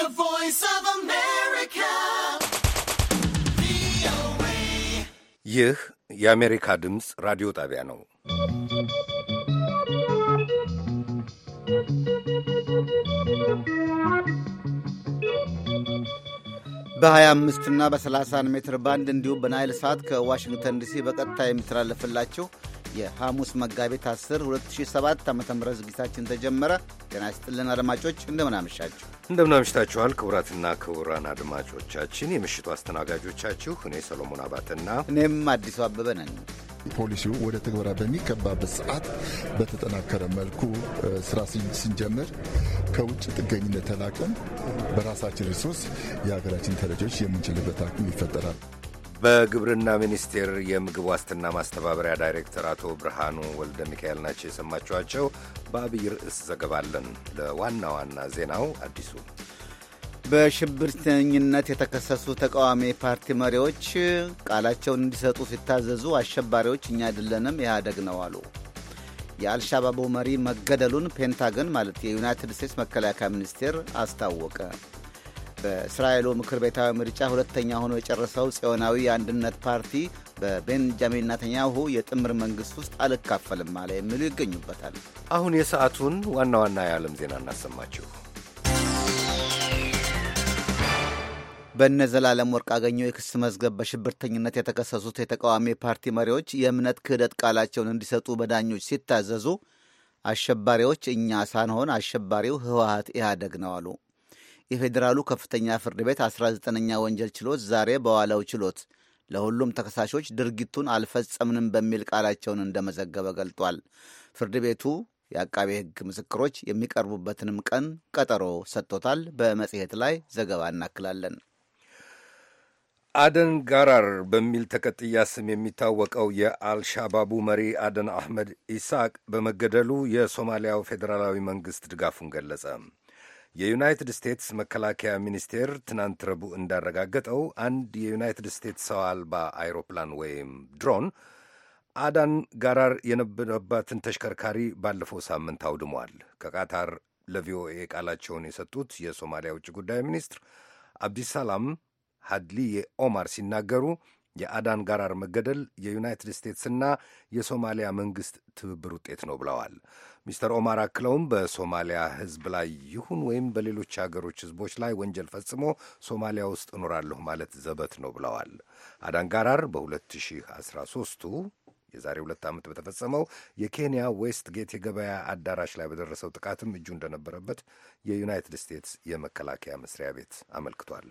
The Voice of America. ይህ የአሜሪካ ድምፅ ራዲዮ ጣቢያ ነው። በ25 እና በ30 ሜትር ባንድ እንዲሁም በናይል ሰዓት ከዋሽንግተን ዲሲ በቀጥታ የሚተላለፍላችሁ የሐሙስ መጋቢት 10 2007 ዓ ም ዝግጅታችን ተጀመረ። ጤና ይስጥልን አድማጮች፣ እንደምናመሻችሁ እንደምናመሽታችኋል። ክቡራትና ክቡራን አድማጮቻችን የምሽቱ አስተናጋጆቻችሁ እኔ ሰሎሞን አባትና እኔም አዲሱ አበበ ነን። ፖሊሲው ወደ ትግበራ በሚገባበት ሰዓት በተጠናከረ መልኩ ስራ ስንጀምር ከውጭ ጥገኝነት ተላቀን በራሳችን ሪሶርስ የሀገራችን ተረጂዎች የምንችልበት አቅም ይፈጠራል። በግብርና ሚኒስቴር የምግብ ዋስትና ማስተባበሪያ ዳይሬክተር አቶ ብርሃኑ ወልደ ሚካኤል ናቸው የሰማችኋቸው። በአብይ ርዕስ ዘገባለን። ለዋና ዋና ዜናው አዲሱ በሽብርተኝነት የተከሰሱ ተቃዋሚ ፓርቲ መሪዎች ቃላቸውን እንዲሰጡ ሲታዘዙ አሸባሪዎች እኛ አይደለንም ኢህአደግ ነው አሉ። የአልሻባቡ መሪ መገደሉን ፔንታገን ማለት የዩናይትድ ስቴትስ መከላከያ ሚኒስቴር አስታወቀ። በእስራኤሉ ምክር ቤታዊ ምርጫ ሁለተኛ ሆኖ የጨረሰው ጽዮናዊ የአንድነት ፓርቲ በቤንጃሚን ናተኛሁ የጥምር መንግሥት ውስጥ አልካፈልም አለ የሚሉ ይገኙበታል። አሁን የሰዓቱን ዋና ዋና የዓለም ዜና እናሰማችሁ። በእነ ዘላለም ወርቅ አገኘው የክስ መዝገብ በሽብርተኝነት የተከሰሱት የተቃዋሚ ፓርቲ መሪዎች የእምነት ክህደት ቃላቸውን እንዲሰጡ በዳኞች ሲታዘዙ አሸባሪዎች እኛ ሳንሆን አሸባሪው ህወሀት ኢህአደግ ነው አሉ። የፌዴራሉ ከፍተኛ ፍርድ ቤት 19ኛ ወንጀል ችሎት ዛሬ በዋለው ችሎት ለሁሉም ተከሳሾች ድርጊቱን አልፈጸምንም በሚል ቃላቸውን እንደመዘገበ ገልጧል። ፍርድ ቤቱ የአቃቤ ሕግ ምስክሮች የሚቀርቡበትንም ቀን ቀጠሮ ሰጥቶታል። በመጽሔት ላይ ዘገባ እናክላለን። አደን ጋራር በሚል ተቀጥያ ስም የሚታወቀው የአልሻባቡ መሪ አደን አህመድ ኢስቅ በመገደሉ የሶማሊያው ፌዴራላዊ መንግሥት ድጋፉን ገለጸ። የዩናይትድ ስቴትስ መከላከያ ሚኒስቴር ትናንት ረቡዕ እንዳረጋገጠው አንድ የዩናይትድ ስቴትስ ሰው አልባ አይሮፕላን ወይም ድሮን አዳን ጋራር የነበረባትን ተሽከርካሪ ባለፈው ሳምንት አውድሟል። ከቃታር ለቪኦኤ ቃላቸውን የሰጡት የሶማሊያ ውጭ ጉዳይ ሚኒስትር አብዲሰላም ሀድሊዬ ኦማር ሲናገሩ የአዳን ጋራር መገደል የዩናይትድ ስቴትስና የሶማሊያ መንግስት ትብብር ውጤት ነው ብለዋል። ሚስተር ኦማር አክለውም በሶማሊያ ህዝብ ላይ ይሁን ወይም በሌሎች ሀገሮች ህዝቦች ላይ ወንጀል ፈጽሞ ሶማሊያ ውስጥ እኖራለሁ ማለት ዘበት ነው ብለዋል። አዳንጋራር በ2013ቱ የዛሬ ሁለት ዓመት በተፈጸመው የኬንያ ዌስት ጌት የገበያ አዳራሽ ላይ በደረሰው ጥቃትም እጁ እንደነበረበት የዩናይትድ ስቴትስ የመከላከያ መስሪያ ቤት አመልክቷል።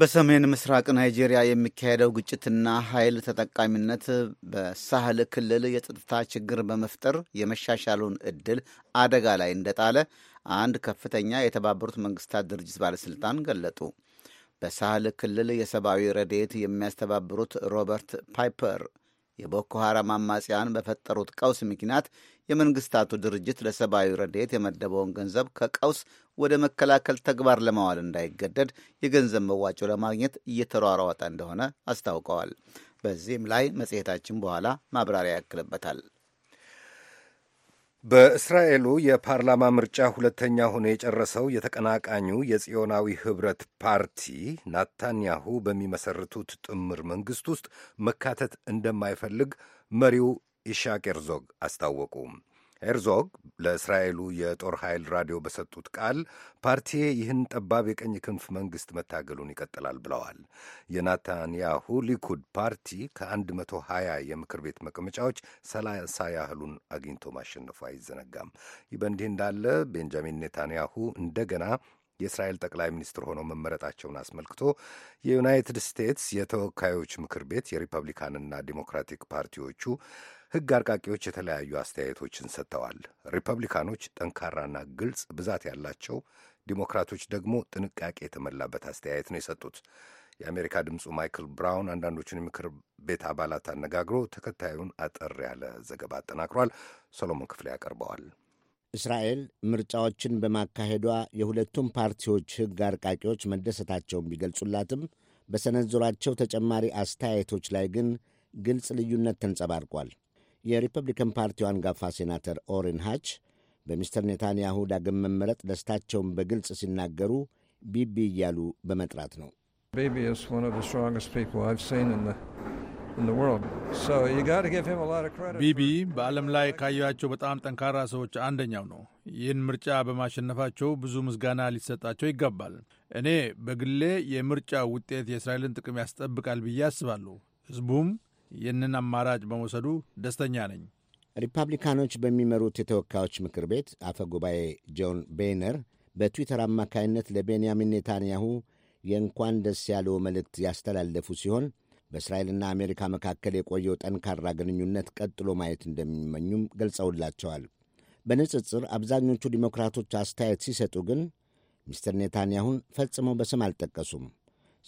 በሰሜን ምስራቅ ናይጄሪያ የሚካሄደው ግጭትና ኃይል ተጠቃሚነት በሳህል ክልል የጸጥታ ችግር በመፍጠር የመሻሻሉን እድል አደጋ ላይ እንደጣለ አንድ ከፍተኛ የተባበሩት መንግስታት ድርጅት ባለሥልጣን ገለጡ። በሳህል ክልል የሰብአዊ ረድኤት የሚያስተባብሩት ሮበርት ፓይፐር የቦኮ ሐራም አማጽያን በፈጠሩት ቀውስ ምክንያት የመንግስታቱ ድርጅት ለሰብአዊ ረድኤት የመደበውን ገንዘብ ከቀውስ ወደ መከላከል ተግባር ለማዋል እንዳይገደድ የገንዘብ መዋጮ ለማግኘት እየተሯሯጠ እንደሆነ አስታውቀዋል። በዚህም ላይ መጽሔታችን በኋላ ማብራሪያ ያክልበታል። በእስራኤሉ የፓርላማ ምርጫ ሁለተኛ ሆኖ የጨረሰው የተቀናቃኙ የጽዮናዊ ህብረት ፓርቲ ናታንያሁ በሚመሰርቱት ጥምር መንግሥት ውስጥ መካተት እንደማይፈልግ መሪው ኢሻቅ ኤርዞግ አስታወቁ። ሄርዞግ ለእስራኤሉ የጦር ኃይል ራዲዮ በሰጡት ቃል ፓርቲዬ ይህን ጠባብ የቀኝ ክንፍ መንግሥት መታገሉን ይቀጥላል ብለዋል። የናታንያሁ ሊኩድ ፓርቲ ከ120 የምክር ቤት መቀመጫዎች 30 ያህሉን አግኝቶ ማሸነፉ አይዘነጋም። ይህ በእንዲህ እንዳለ ቤንጃሚን ኔታንያሁ እንደገና የእስራኤል ጠቅላይ ሚኒስትር ሆነው መመረጣቸውን አስመልክቶ የዩናይትድ ስቴትስ የተወካዮች ምክር ቤት የሪፐብሊካንና ዲሞክራቲክ ፓርቲዎቹ ሕግ አርቃቂዎች የተለያዩ አስተያየቶችን ሰጥተዋል። ሪፐብሊካኖች ጠንካራና ግልጽ ብዛት ያላቸው፣ ዲሞክራቶች ደግሞ ጥንቃቄ የተሞላበት አስተያየት ነው የሰጡት። የአሜሪካ ድምፁ ማይክል ብራውን አንዳንዶቹን የምክር ቤት አባላት አነጋግሮ ተከታዩን አጠር ያለ ዘገባ አጠናክሯል። ሰሎሞን ክፍሌ ያቀርበዋል። እስራኤል ምርጫዎችን በማካሄዷ የሁለቱም ፓርቲዎች ሕግ አርቃቂዎች መደሰታቸውን ቢገልጹላትም በሰነዘሯቸው ተጨማሪ አስተያየቶች ላይ ግን ግልጽ ልዩነት ተንጸባርቋል። የሪፐብሊካን ፓርቲው አንጋፋ ሴናተር ኦሪን ሃች በሚስተር ኔታንያሁ ዳግም መመረጥ ደስታቸውን በግልጽ ሲናገሩ ቢቢ እያሉ በመጥራት ነው። ቢቢ በዓለም ላይ ካያቸው በጣም ጠንካራ ሰዎች አንደኛው ነው። ይህን ምርጫ በማሸነፋቸው ብዙ ምስጋና ሊሰጣቸው ይገባል። እኔ በግሌ የምርጫ ውጤት የእስራኤልን ጥቅም ያስጠብቃል ብዬ አስባለሁ። ሕዝቡም ይህንን አማራጭ በመውሰዱ ደስተኛ ነኝ። ሪፐብሊካኖች በሚመሩት የተወካዮች ምክር ቤት አፈ ጉባኤ ጆን ቤይነር በትዊተር አማካይነት ለቤንያሚን ኔታንያሁ የእንኳን ደስ ያለው መልእክት ያስተላለፉ ሲሆን በእስራኤልና አሜሪካ መካከል የቆየው ጠንካራ ግንኙነት ቀጥሎ ማየት እንደሚመኙም ገልጸውላቸዋል። በንጽጽር አብዛኞቹ ዲሞክራቶች አስተያየት ሲሰጡ ግን ሚስተር ኔታንያሁን ፈጽመው በስም አልጠቀሱም።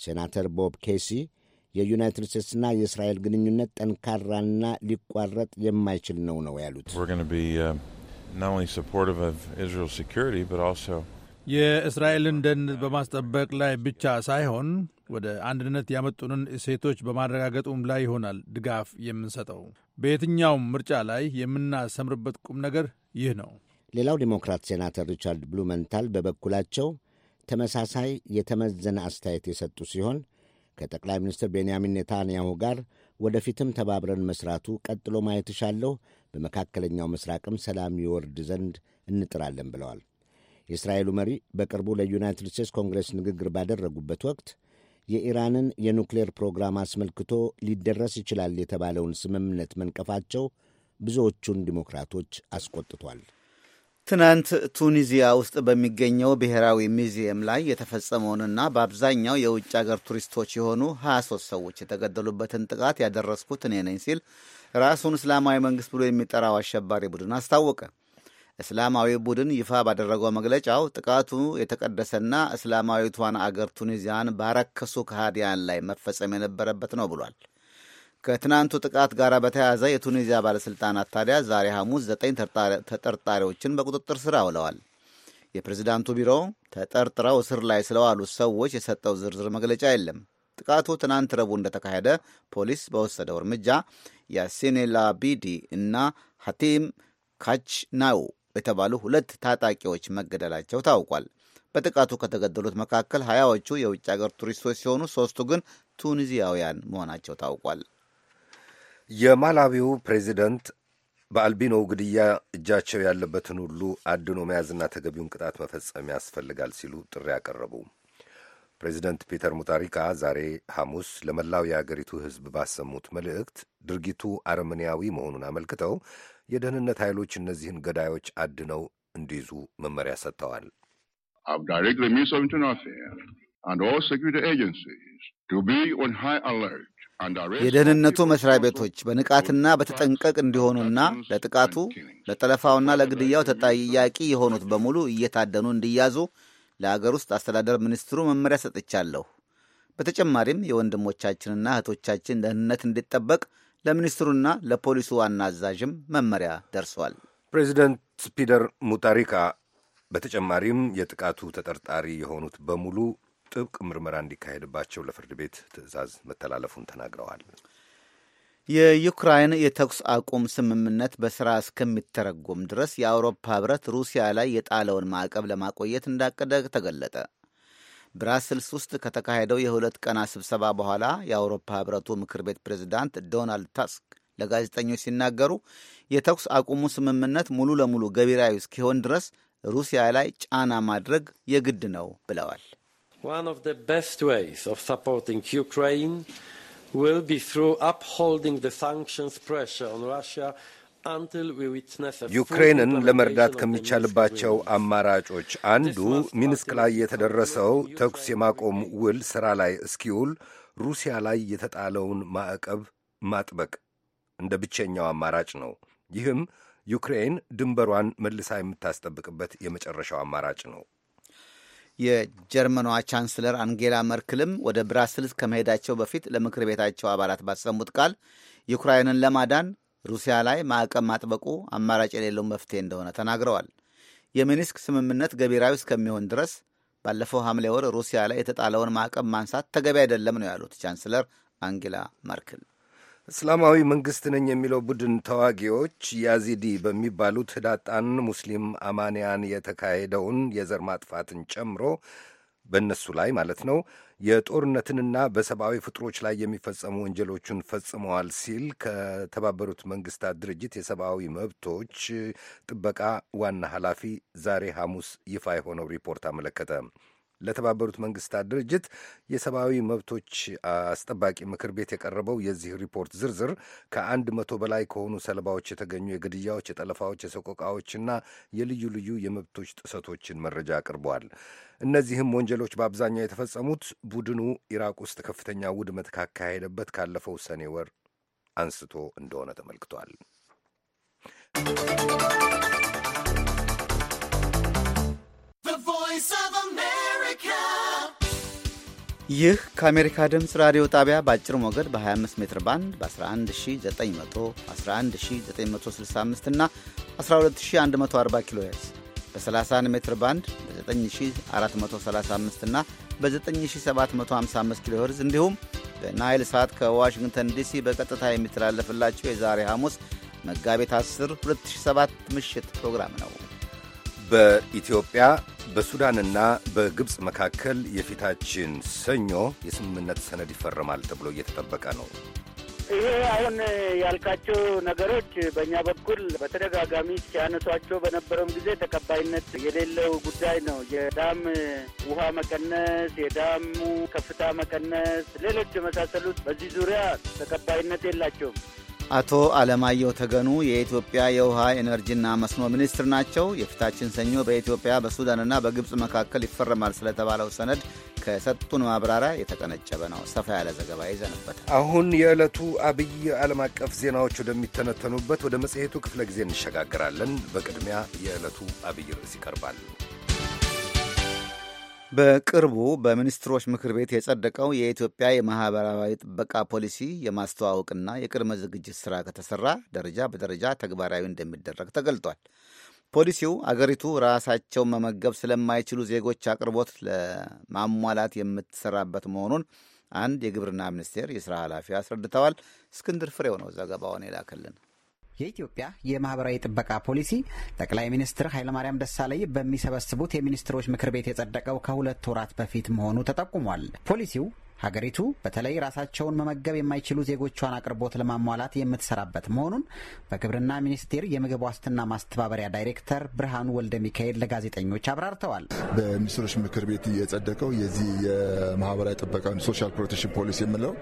ሴናተር ቦብ ኬሲ የዩናይትድ ስቴትስና የእስራኤል ግንኙነት ጠንካራና ሊቋረጥ የማይችል ነው ነው ያሉት። የእስራኤልን ደን በማስጠበቅ ላይ ብቻ ሳይሆን ወደ አንድነት ያመጡንን እሴቶች በማረጋገጡም ላይ ይሆናል ድጋፍ የምንሰጠው። በየትኛውም ምርጫ ላይ የምናሰምርበት ቁም ነገር ይህ ነው። ሌላው ዴሞክራት ሴናተር ሪቻርድ ብሉመንታል በበኩላቸው ተመሳሳይ የተመዘነ አስተያየት የሰጡ ሲሆን ከጠቅላይ ሚኒስትር ቤንያሚን ኔታንያሁ ጋር ወደፊትም ተባብረን መስራቱ ቀጥሎ ማየት እሻለሁ፣ በመካከለኛው ምስራቅም ሰላም ይወርድ ዘንድ እንጥራለን ብለዋል። የእስራኤሉ መሪ በቅርቡ ለዩናይትድ ስቴትስ ኮንግረስ ንግግር ባደረጉበት ወቅት የኢራንን የኑክሌር ፕሮግራም አስመልክቶ ሊደረስ ይችላል የተባለውን ስምምነት መንቀፋቸው ብዙዎቹን ዲሞክራቶች አስቆጥቷል። ትናንት ቱኒዚያ ውስጥ በሚገኘው ብሔራዊ ሚዚየም ላይ የተፈጸመውንና በአብዛኛው የውጭ አገር ቱሪስቶች የሆኑ 23 ሰዎች የተገደሉበትን ጥቃት ያደረስኩት እኔ ነኝ ሲል ራሱን እስላማዊ መንግስት ብሎ የሚጠራው አሸባሪ ቡድን አስታወቀ። እስላማዊ ቡድን ይፋ ባደረገው መግለጫው ጥቃቱ የተቀደሰና እስላማዊቷን አገር ቱኒዚያን ባረከሱ ከሃዲያን ላይ መፈጸም የነበረበት ነው ብሏል። ከትናንቱ ጥቃት ጋር በተያያዘ የቱኒዚያ ባለሥልጣናት ታዲያ ዛሬ ሐሙስ ዘጠኝ ተጠርጣሪዎችን በቁጥጥር ስር አውለዋል። የፕሬዝዳንቱ ቢሮ ተጠርጥረው እስር ላይ ስለዋሉት ሰዎች የሰጠው ዝርዝር መግለጫ የለም። ጥቃቱ ትናንት ረቡዕ እንደተካሄደ ፖሊስ በወሰደው እርምጃ ያሲኔ ቢዲ እና ሀቲም ካችናው የተባሉ ሁለት ታጣቂዎች መገደላቸው ታውቋል። በጥቃቱ ከተገደሉት መካከል ሀያዎቹ የውጭ ሀገር ቱሪስቶች ሲሆኑ ሶስቱ ግን ቱኒዚያውያን መሆናቸው ታውቋል። የማላዊው ፕሬዚደንት በአልቢኖ ግድያ እጃቸው ያለበትን ሁሉ አድኖ መያዝና ተገቢውን ቅጣት መፈጸም ያስፈልጋል ሲሉ ጥሪ አቀረቡ። ፕሬዚደንት ፒተር ሙታሪካ ዛሬ ሐሙስ ለመላው የአገሪቱ ሕዝብ ባሰሙት መልእክት ድርጊቱ አረመኔያዊ መሆኑን አመልክተው የደህንነት ኃይሎች እነዚህን ገዳዮች አድነው እንዲይዙ መመሪያ ሰጥተዋል። የደህንነቱ መስሪያ ቤቶች በንቃትና በተጠንቀቅ እንዲሆኑና ለጥቃቱ ለጠለፋውና ለግድያው ተጠያቂ የሆኑት በሙሉ እየታደኑ እንዲያዙ ለአገር ውስጥ አስተዳደር ሚኒስትሩ መመሪያ ሰጥቻለሁ። በተጨማሪም የወንድሞቻችንና እህቶቻችን ደህንነት እንዲጠበቅ ለሚኒስትሩና ለፖሊሱ ዋና አዛዥም መመሪያ ደርሷል። ፕሬዚደንት ፒተር ሙታሪካ በተጨማሪም የጥቃቱ ተጠርጣሪ የሆኑት በሙሉ ጥብቅ ምርመራ እንዲካሄድባቸው ለፍርድ ቤት ትዕዛዝ መተላለፉን ተናግረዋል። የዩክራይን የተኩስ አቁም ስምምነት በሥራ እስከሚተረጎም ድረስ የአውሮፓ ህብረት ሩሲያ ላይ የጣለውን ማዕቀብ ለማቆየት እንዳቀደ ተገለጠ። ብራስልስ ውስጥ ከተካሄደው የሁለት ቀና ስብሰባ በኋላ የአውሮፓ ህብረቱ ምክር ቤት ፕሬዝዳንት ዶናልድ ታስክ ለጋዜጠኞች ሲናገሩ የተኩስ አቁሙ ስምምነት ሙሉ ለሙሉ ገቢራዊ እስኪሆን ድረስ ሩሲያ ላይ ጫና ማድረግ የግድ ነው ብለዋል። ዩክሬንን ለመርዳት ከሚቻልባቸው አማራጮች አንዱ ሚንስክ ላይ የተደረሰው ተኩስ የማቆም ውል ሥራ ላይ እስኪውል ሩሲያ ላይ የተጣለውን ማዕቀብ ማጥበቅ እንደ ብቸኛው አማራጭ ነው። ይህም ዩክሬን ድንበሯን መልሳ የምታስጠብቅበት የመጨረሻው አማራጭ ነው። የጀርመኗ ቻንስለር አንጌላ መርክልም ወደ ብራስልስ ከመሄዳቸው በፊት ለምክር ቤታቸው አባላት ባሰሙት ቃል ዩክራይንን ለማዳን ሩሲያ ላይ ማዕቀብ ማጥበቁ አማራጭ የሌለው መፍትሄ እንደሆነ ተናግረዋል። የሚኒስክ ስምምነት ገቢራዊ እስከሚሆን ድረስ ባለፈው ሐምሌ ወር ሩሲያ ላይ የተጣለውን ማዕቀብ ማንሳት ተገቢ አይደለም ነው ያሉት ቻንስለር አንጌላ መርክል። እስላማዊ መንግስት ነኝ የሚለው ቡድን ተዋጊዎች ያዚዲ በሚባሉት ህዳጣን ሙስሊም አማንያን የተካሄደውን የዘር ማጥፋትን ጨምሮ በእነሱ ላይ ማለት ነው የጦርነትንና በሰብአዊ ፍጥሮች ላይ የሚፈጸሙ ወንጀሎችን ፈጽመዋል ሲል ከተባበሩት መንግስታት ድርጅት የሰብአዊ መብቶች ጥበቃ ዋና ኃላፊ ዛሬ ሐሙስ ይፋ የሆነው ሪፖርት አመለከተ። ለተባበሩት መንግስታት ድርጅት የሰብአዊ መብቶች አስጠባቂ ምክር ቤት የቀረበው የዚህ ሪፖርት ዝርዝር ከአንድ መቶ በላይ ከሆኑ ሰለባዎች የተገኙ የግድያዎች፣ የጠለፋዎች፣ የሰቆቃዎችና የልዩ ልዩ የመብቶች ጥሰቶችን መረጃ አቅርበዋል። እነዚህም ወንጀሎች በአብዛኛው የተፈጸሙት ቡድኑ ኢራቅ ውስጥ ከፍተኛ ውድመት ካካሄደበት ካለፈው ሰኔ ወር አንስቶ እንደሆነ ተመልክቷል። ይህ ከአሜሪካ ድምፅ ራዲዮ ጣቢያ በአጭር ሞገድ በ25 ሜትር ባንድ በ11911965 እና 12140 ኪሎ ሄርስ በ31 ሜትር ባንድ በ9435 እና በ9755 ኪሎ ሄርስ እንዲሁም በናይል ሳት ከዋሽንግተን ዲሲ በቀጥታ የሚተላለፍላቸው የዛሬ ሐሙስ መጋቢት 10 2007 ምሽት ፕሮግራም ነው። በኢትዮጵያ በሱዳንና በግብፅ መካከል የፊታችን ሰኞ የስምምነት ሰነድ ይፈረማል ተብሎ እየተጠበቀ ነው። ይሄ አሁን ያልካቸው ነገሮች በእኛ በኩል በተደጋጋሚ ሲያነሷቸው በነበረውም ጊዜ ተቀባይነት የሌለው ጉዳይ ነው። የዳም ውሃ መቀነስ፣ የዳሙ ከፍታ መቀነስ፣ ሌሎች የመሳሰሉት በዚህ ዙሪያ ተቀባይነት የላቸውም። አቶ አለማየሁ ተገኑ የኢትዮጵያ የውሃ ኤነርጂና መስኖ ሚኒስትር ናቸው። የፊታችን ሰኞ በኢትዮጵያ በሱዳንና በግብፅ መካከል ይፈረማል ስለተባለው ሰነድ ከሰጡን ማብራሪያ የተቀነጨበ ነው። ሰፋ ያለ ዘገባ ይዘንበታል። አሁን የዕለቱ አብይ ዓለም አቀፍ ዜናዎች ወደሚተነተኑበት ወደ መጽሔቱ ክፍለ ጊዜ እንሸጋግራለን። በቅድሚያ የዕለቱ አብይ ርዕስ ይቀርባል። በቅርቡ በሚኒስትሮች ምክር ቤት የጸደቀው የኢትዮጵያ የማህበራዊ ጥበቃ ፖሊሲ የማስተዋወቅና የቅድመ ዝግጅት ስራ ከተሰራ ደረጃ በደረጃ ተግባራዊ እንደሚደረግ ተገልጧል። ፖሊሲው አገሪቱ ራሳቸው መመገብ ስለማይችሉ ዜጎች አቅርቦት ለማሟላት የምትሰራበት መሆኑን አንድ የግብርና ሚኒስቴር የስራ ኃላፊ አስረድተዋል። እስክንድር ፍሬው ነው ዘገባውን የላከልን። የኢትዮጵያ የማህበራዊ ጥበቃ ፖሊሲ ጠቅላይ ሚኒስትር ኃይለማርያም ደሳለኝ በሚሰበስቡት የሚኒስትሮች ምክር ቤት የጸደቀው ከሁለት ወራት በፊት መሆኑ ተጠቁሟል። ፖሊሲው ሀገሪቱ በተለይ ራሳቸውን መመገብ የማይችሉ ዜጎቿን አቅርቦት ለማሟላት የምትሰራበት መሆኑን በግብርና ሚኒስቴር የምግብ ዋስትና ማስተባበሪያ ዳይሬክተር ብርሃኑ ወልደ ሚካኤል ለጋዜጠኞች አብራርተዋል። በሚኒስትሮች ምክር ቤት የጸደቀው የዚህ የማህበራዊ ጥበቃ ሶሻል ፕሮቴክሽን ፖሊሲ የምለው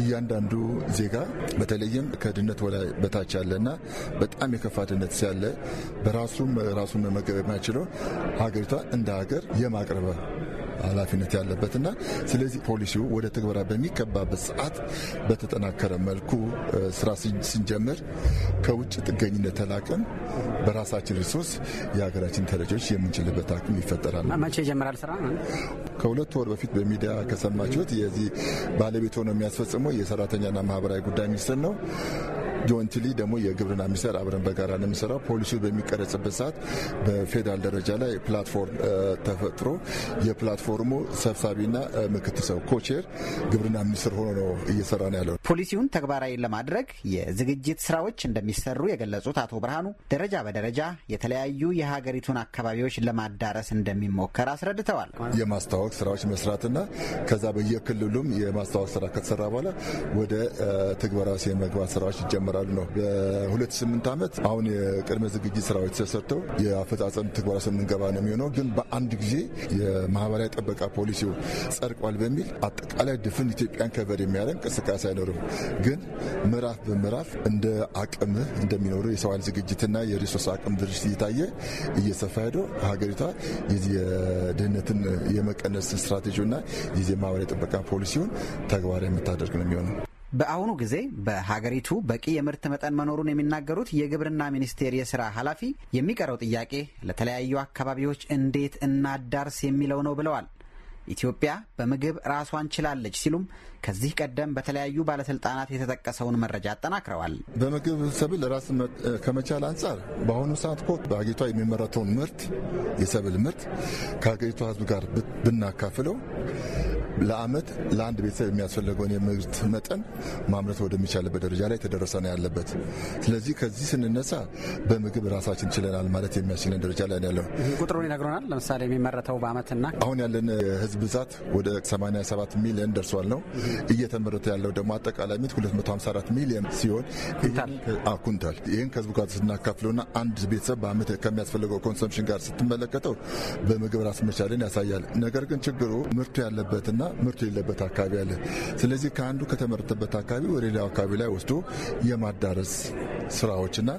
እያንዳንዱ ዜጋ በተለይም ከድህነት ወላይ በታች ያለና በጣም የከፋ ድህነት ሲያለ በራሱም ራሱን መመገብ የማይችለው ሀገሪቷ እንደ ሀገር የማቅረበ ኃላፊነት ያለበትና ስለዚህ ፖሊሲው ወደ ትግበራ በሚገባበት ሰዓት በተጠናከረ መልኩ ስራ ስንጀምር ከውጭ ጥገኝነት ተላቀን በራሳችን ሪሶርስ የሀገራችን ተረጂዎች የምንችልበት አቅም ይፈጠራል። መቼ ይጀምራል ስራ? ከሁለት ወር በፊት በሚዲያ ከሰማችሁት የዚህ ባለቤት ሆኖ የሚያስፈጽመው የሰራተኛና ማህበራዊ ጉዳይ ሚኒስትር ነው። ጆይንትሊ ደግሞ የግብርና ሚኒስቴር አብረን በጋራ ነው የሚሰራው። ፖሊሲው በሚቀረጽበት ሰዓት በፌዴራል ደረጃ ላይ ፕላትፎርም ተፈጥሮ የፕላትፎርሙ ሰብሳቢና ምክትል ሰው ኮቼር ግብርና ሚኒስትር ሆኖ ነው እየሰራ ነው ያለው። ፖሊሲውን ተግባራዊ ለማድረግ የዝግጅት ስራዎች እንደሚሰሩ የገለጹት አቶ ብርሃኑ ደረጃ በደረጃ የተለያዩ የሀገሪቱን አካባቢዎች ለማዳረስ እንደሚሞከር አስረድተዋል። የማስተዋወቅ ስራዎች መስራትና ከዛ በየክልሉም የማስተዋወቅ ስራ ከተሰራ በኋላ ወደ ትግበራ የመግባት ስራዎች ይጀመራል። ይጀምራሉ ነው። በ28 ዓመት አሁን የቅድመ ዝግጅት ስራዎች ተሰርተው የአፈጻጸም ትግበራ ስምንገባ ነው የሚሆነው። ግን በአንድ ጊዜ የማህበራዊ ጥበቃ ፖሊሲው ጸድቋል በሚል አጠቃላይ ድፍን ኢትዮጵያን ከበር የሚያደርግ እንቅስቃሴ አይኖርም። ግን ምዕራፍ በምዕራፍ እንደ አቅም እንደሚኖሩ የሰው ኃይል ዝግጅትና የሪሶርስ አቅም ድርጅት እየታየ እየሰፋ ሄዶ ሀገሪቷ የዚህ የድህነትን የመቀነስ ስትራቴጂና የዚህ የማህበራዊ ጥበቃ ፖሊሲውን ተግባራዊ የምታደርግ ነው የሚሆነው። በአሁኑ ጊዜ በሀገሪቱ በቂ የምርት መጠን መኖሩን የሚናገሩት የግብርና ሚኒስቴር የስራ ኃላፊ የሚቀረው ጥያቄ ለተለያዩ አካባቢዎች እንዴት እናዳርስ የሚለው ነው ብለዋል። ኢትዮጵያ በምግብ ራሷን ችላለች ሲሉም ከዚህ ቀደም በተለያዩ ባለስልጣናት የተጠቀሰውን መረጃ አጠናክረዋል። በምግብ ሰብል ራስ ከመቻል አንጻር በአሁኑ ሰዓት ኮ በሀገሪቷ የሚመረተውን ምርት የሰብል ምርት ከሀገሪቷ ሕዝብ ጋር ብናካፍለው ለአመት ለአንድ ቤተሰብ የሚያስፈልገውን የምርት መጠን ማምረት ወደሚቻልበት ደረጃ ላይ የተደረሰ ነው ያለበት። ስለዚህ ከዚህ ስንነሳ በምግብ ራሳችን ችለናል ማለት የሚያስችለን ደረጃ ላይ ያለው ቁጥሩን ይነግሮናል። ለምሳሌ የሚመረተው በአመትና አሁን ያለን የህዝብ ብዛት ወደ 87 ሚሊዮን ደርሷል ነው እየተመረተ ያለው ደግሞ አጠቃላይ ሚት 254 ሚሊዮን ሲሆን ኩንታል። ይህን ከህዝቡ ጋር ስናካፍለውና አንድ ቤተሰብ በአመት ከሚያስፈልገው ኮንሰምሽን ጋር ስትመለከተው በምግብ ራስ መቻልን ያሳያል። ነገር ግን ችግሩ ምርቱ ያለበትና ያለና ምርቱ የሌለበት አካባቢ አለ። ስለዚህ ከአንዱ ከተመረተበት አካባቢ ወደ ሌላው አካባቢ ላይ ወስዶ የማዳረስ ስራዎችና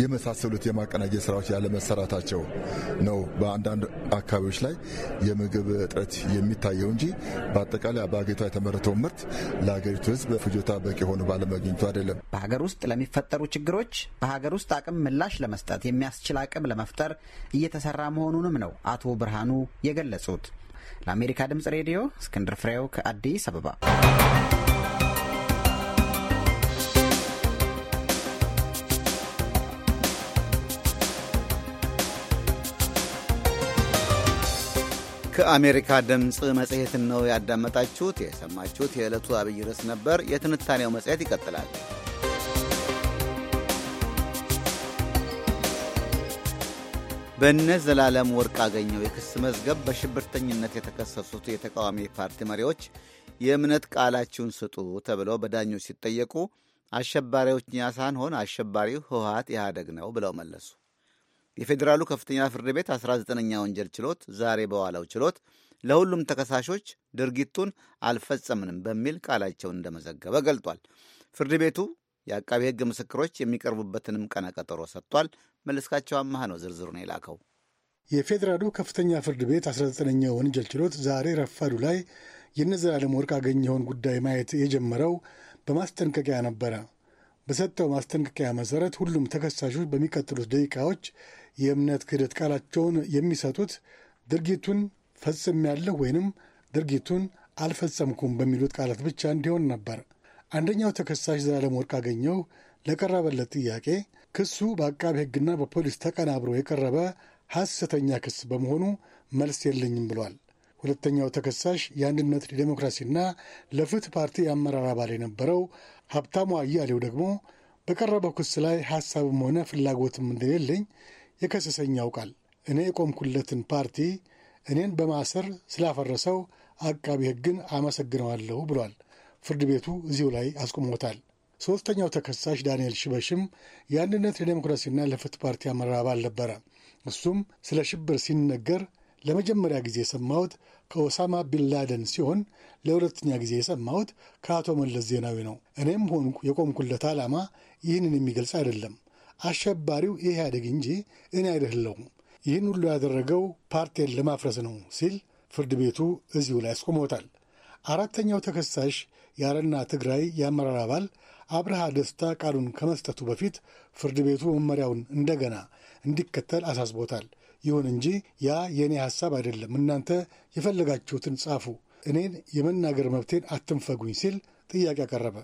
የመሳሰሉት የማቀናጀት ስራዎች ያለመሰራታቸው ነው በአንዳንድ አካባቢዎች ላይ የምግብ እጥረት የሚታየው እንጂ በአጠቃላይ በሀገሪቷ የተመረተው ምርት ለሀገሪቱ ሕዝብ ፍጆታ በቂ ሆኖ ባለመገኘቱ አይደለም። በሀገር ውስጥ ለሚፈጠሩ ችግሮች በሀገር ውስጥ አቅም ምላሽ ለመስጠት የሚያስችል አቅም ለመፍጠር እየተሰራ መሆኑንም ነው አቶ ብርሃኑ የገለጹት። ለአሜሪካ ድምፅ ሬዲዮ እስክንድር ፍሬው ከአዲስ አበባ። ከአሜሪካ ድምፅ መጽሔትን ነው ያዳመጣችሁት። የሰማችሁት የዕለቱ አብይ ርዕስ ነበር። የትንታኔው መጽሔት ይቀጥላል። በእነ ዘላለም ወርቅ አገኘው የክስ መዝገብ በሽብርተኝነት የተከሰሱት የተቃዋሚ ፓርቲ መሪዎች የእምነት ቃላችሁን ስጡ ተብለው በዳኞች ሲጠየቁ አሸባሪዎች እኛ ሳንሆን አሸባሪው ህወሀት ኢህአደግ ነው ብለው መለሱ። የፌዴራሉ ከፍተኛ ፍርድ ቤት 19ኛ ወንጀል ችሎት ዛሬ በዋለው ችሎት ለሁሉም ተከሳሾች ድርጊቱን አልፈጸምንም በሚል ቃላቸውን እንደመዘገበ ገልጧል። ፍርድ ቤቱ የአቃቢ ህግ ምስክሮች የሚቀርቡበትንም ቀነ ቀጠሮ ሰጥቷል። መለስካቸው አማህ ነው ዝርዝሩን የላከው። የፌዴራሉ ከፍተኛ ፍርድ ቤት 19ኛ ወንጀል ችሎት ዛሬ ረፋዱ ላይ የነዘላለም ወርቅ አገኘሁን ጉዳይ ማየት የጀመረው በማስጠንቀቂያ ነበረ። በሰጠው ማስጠንቀቂያ መሰረት ሁሉም ተከሳሾች በሚቀጥሉት ደቂቃዎች የእምነት ክህደት ቃላቸውን የሚሰጡት ድርጊቱን ፈጽሜያለሁ ወይንም ድርጊቱን አልፈጸምኩም በሚሉት ቃላት ብቻ እንዲሆን ነበር። አንደኛው ተከሳሽ ዘላለም ወርቅ አገኘሁ ለቀረበለት ጥያቄ ክሱ በአቃቢ ሕግና በፖሊስ ተቀናብሮ የቀረበ ሐሰተኛ ክስ በመሆኑ መልስ የለኝም ብሏል። ሁለተኛው ተከሳሽ የአንድነት ለዲሞክራሲና ለፍትህ ፓርቲ የአመራር አባል የነበረው ሀብታሙ አያሌው ደግሞ በቀረበው ክስ ላይ ሐሳብም ሆነ ፍላጎትም እንደሌለኝ የከሰሰኝ ያውቃል። እኔ የቆምኩለትን ፓርቲ እኔን በማሰር ስላፈረሰው አቃቢ ሕግን አመሰግነዋለሁ ብሏል። ፍርድ ቤቱ እዚሁ ላይ አስቆሞታል። ሶስተኛው ተከሳሽ ዳንኤል ሽበሽም የአንድነት ለዴሞክራሲና ለፍትህ ፓርቲ አመራር አባል ነበረ። እሱም ስለ ሽብር ሲነገር ለመጀመሪያ ጊዜ የሰማሁት ከኦሳማ ቢንላደን ሲሆን ለሁለተኛ ጊዜ የሰማሁት ከአቶ መለስ ዜናዊ ነው። እኔም ሆንኩ የቆምኩለት ዓላማ ይህንን የሚገልጽ አይደለም። አሸባሪው ኢህአዴግ እንጂ እኔ አይደለሁም። ይህን ሁሉ ያደረገው ፓርቲን ለማፍረስ ነው ሲል ፍርድ ቤቱ እዚሁ ላይ አስቆሞታል። አራተኛው ተከሳሽ የአረና ትግራይ የአመራር አባል አብርሃ ደስታ ቃሉን ከመስጠቱ በፊት ፍርድ ቤቱ መመሪያውን እንደገና እንዲከተል አሳስቦታል። ይሁን እንጂ ያ የእኔ ሐሳብ አይደለም፣ እናንተ የፈለጋችሁትን ጻፉ፣ እኔን የመናገር መብቴን አትንፈጉኝ ሲል ጥያቄ አቀረበ።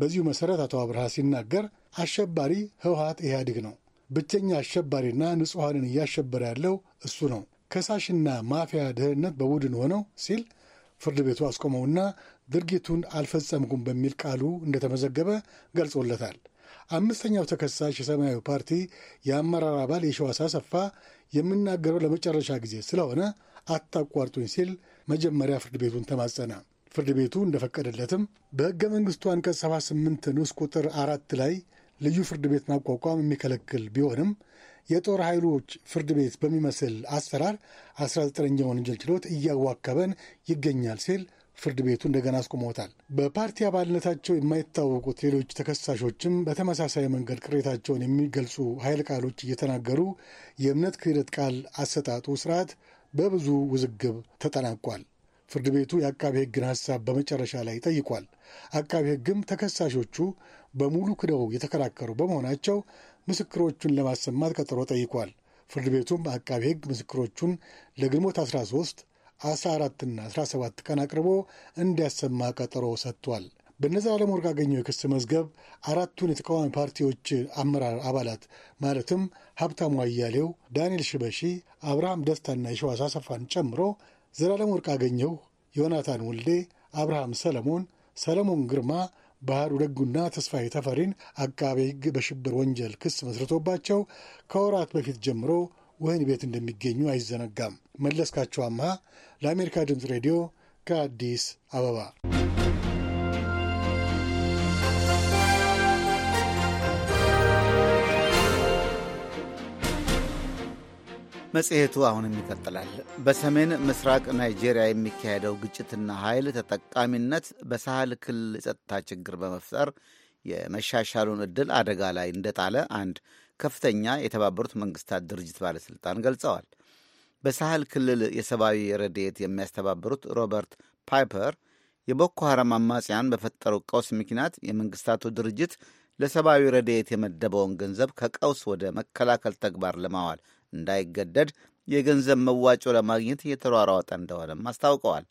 በዚሁ መሠረት አቶ አብርሃ ሲናገር አሸባሪ ህወሀት ኢህአዴግ ነው። ብቸኛ አሸባሪና ንጹሐንን እያሸበረ ያለው እሱ ነው። ከሳሽና ማፊያ ደህንነት በቡድን ሆነው ሲል ፍርድ ቤቱ አስቆመውና ድርጊቱን አልፈጸምኩም በሚል ቃሉ እንደተመዘገበ ገልጾለታል። አምስተኛው ተከሳሽ የሰማያዊ ፓርቲ የአመራር አባል የሸዋስ አሰፋ የምናገረው ለመጨረሻ ጊዜ ስለሆነ አታቋርጡኝ ሲል መጀመሪያ ፍርድ ቤቱን ተማጸነ። ፍርድ ቤቱ እንደፈቀደለትም በሕገ መንግሥቱ አንቀጽ 78 ንዑስ ቁጥር አራት ላይ ልዩ ፍርድ ቤት ማቋቋም የሚከለክል ቢሆንም የጦር ኃይሎች ፍርድ ቤት በሚመስል አሰራር 19ኛውን ወንጀል ችሎት እያዋከበን ይገኛል ሲል ፍርድ ቤቱ እንደገና አስቆሞታል። በፓርቲ አባልነታቸው የማይታወቁት ሌሎች ተከሳሾችም በተመሳሳይ መንገድ ቅሬታቸውን የሚገልጹ ኃይል ቃሎች እየተናገሩ የእምነት ክህደት ቃል አሰጣጡ ስርዓት በብዙ ውዝግብ ተጠናቋል። ፍርድ ቤቱ የአቃቤ ሕግን ሐሳብ በመጨረሻ ላይ ጠይቋል። አቃቤ ሕግም ተከሳሾቹ በሙሉ ክደው የተከራከሩ በመሆናቸው ምስክሮቹን ለማሰማት ቀጠሮ ጠይቋል። ፍርድ ቤቱም አቃቤ ሕግ ምስክሮቹን ለግንቦት 13 14ና 17 ቀን አቅርቦ እንዲያሰማ ቀጠሮ ሰጥቷል። በነዘላለም ወርቅአገኘሁ የክስ መዝገብ አራቱን የተቃዋሚ ፓርቲዎች አመራር አባላት ማለትም ሀብታሙ አያሌው፣ ዳንኤል ሽበሺ፣ አብርሃም ደስታና የሸዋስ አሰፋን ጨምሮ ዘላለም ወርቅአገኘሁ፣ ዮናታን ወልዴ፣ አብርሃም ሰለሞን፣ ሰለሞን ግርማ፣ ባህሩ ደጉና ተስፋዬ ተፈሪን አቃቤ ሕግ በሽብር ወንጀል ክስ መስርቶባቸው ከወራት በፊት ጀምሮ ወህኒ ቤት እንደሚገኙ አይዘነጋም። መለስካቸው አምሃ ለአሜሪካ ድምፅ ሬዲዮ ከአዲስ አበባ መጽሔቱ አሁንም ይቀጥላል። በሰሜን ምስራቅ ናይጄሪያ የሚካሄደው ግጭትና ኃይል ተጠቃሚነት በሳህል ክልል የጸጥታ ችግር በመፍጠር የመሻሻሉን ዕድል አደጋ ላይ እንደጣለ አንድ ከፍተኛ የተባበሩት መንግስታት ድርጅት ባለሥልጣን ገልጸዋል። በሳህል ክልል የሰብአዊ ረድኤት የሚያስተባብሩት ሮበርት ፓይፐር የቦኮ ሐራም አማጽያን በፈጠሩ ቀውስ ምክንያት የመንግስታቱ ድርጅት ለሰብአዊ ረድኤት የመደበውን ገንዘብ ከቀውስ ወደ መከላከል ተግባር ለማዋል እንዳይገደድ የገንዘብ መዋጮ ለማግኘት እየተሯሯጠ እንደሆነም አስታውቀዋል።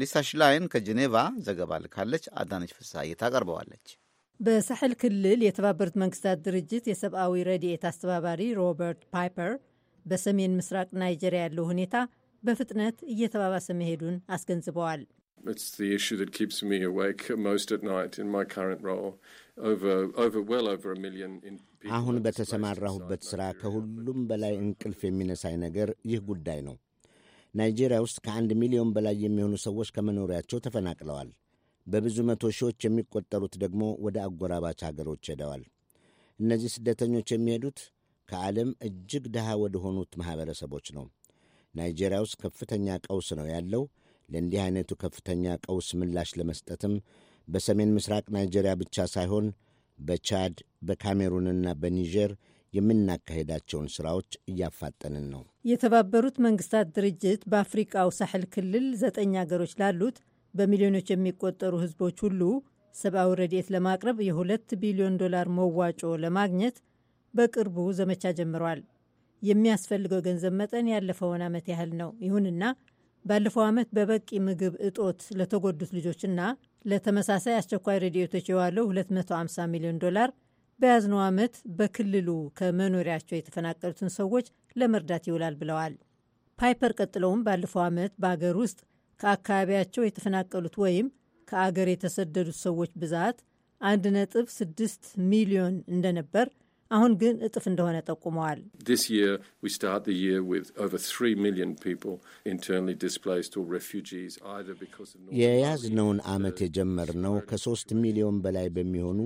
ሊሳ ሽላይን ከጄኔቫ ዘገባ ልካለች። አዳነች ፍስሐዬ ታቀርበዋለች። በሳሕል ክልል የተባበሩት መንግስታት ድርጅት የሰብአዊ ረድኤት አስተባባሪ ሮበርት ፓይፐር በሰሜን ምስራቅ ናይጄሪያ ያለው ሁኔታ በፍጥነት እየተባባሰ መሄዱን አስገንዝበዋል። አሁን በተሰማራሁበት ሥራ ከሁሉም በላይ እንቅልፍ የሚነሳኝ ነገር ይህ ጉዳይ ነው። ናይጄሪያ ውስጥ ከአንድ ሚሊዮን በላይ የሚሆኑ ሰዎች ከመኖሪያቸው ተፈናቅለዋል። በብዙ መቶ ሺዎች የሚቆጠሩት ደግሞ ወደ አጎራባች ሀገሮች ሄደዋል። እነዚህ ስደተኞች የሚሄዱት ከዓለም እጅግ ድሃ ወደ ሆኑት ማኅበረሰቦች ነው። ናይጄሪያ ውስጥ ከፍተኛ ቀውስ ነው ያለው። ለእንዲህ አይነቱ ከፍተኛ ቀውስ ምላሽ ለመስጠትም በሰሜን ምስራቅ ናይጄሪያ ብቻ ሳይሆን በቻድ በካሜሩንና በኒጀር የምናካሄዳቸውን ስራዎች እያፋጠንን ነው። የተባበሩት መንግስታት ድርጅት በአፍሪቃው ሳሕል ክልል ዘጠኝ አገሮች ላሉት በሚሊዮኖች የሚቆጠሩ ህዝቦች ሁሉ ሰብአዊ ረድኤት ለማቅረብ የሁለት ቢሊዮን ዶላር መዋጮ ለማግኘት በቅርቡ ዘመቻ ጀምረዋል። የሚያስፈልገው ገንዘብ መጠን ያለፈውን ዓመት ያህል ነው። ይሁንና ባለፈው ዓመት በበቂ ምግብ እጦት ለተጎዱት ልጆችና ለተመሳሳይ አስቸኳይ ረድኤቶች የዋለው 250 ሚሊዮን ዶላር በያዝነው ዓመት በክልሉ ከመኖሪያቸው የተፈናቀሉትን ሰዎች ለመርዳት ይውላል ብለዋል። ፓይፐር ቀጥለውም ባለፈው ዓመት በአገር ውስጥ ከአካባቢያቸው የተፈናቀሉት ወይም ከአገር የተሰደዱት ሰዎች ብዛት 1.6 ሚሊዮን እንደነበር አሁን ግን እጥፍ እንደሆነ ጠቁመዋል። የያዝነውን ዓመት የጀመርነው ከሦስት ሚሊዮን በላይ በሚሆኑ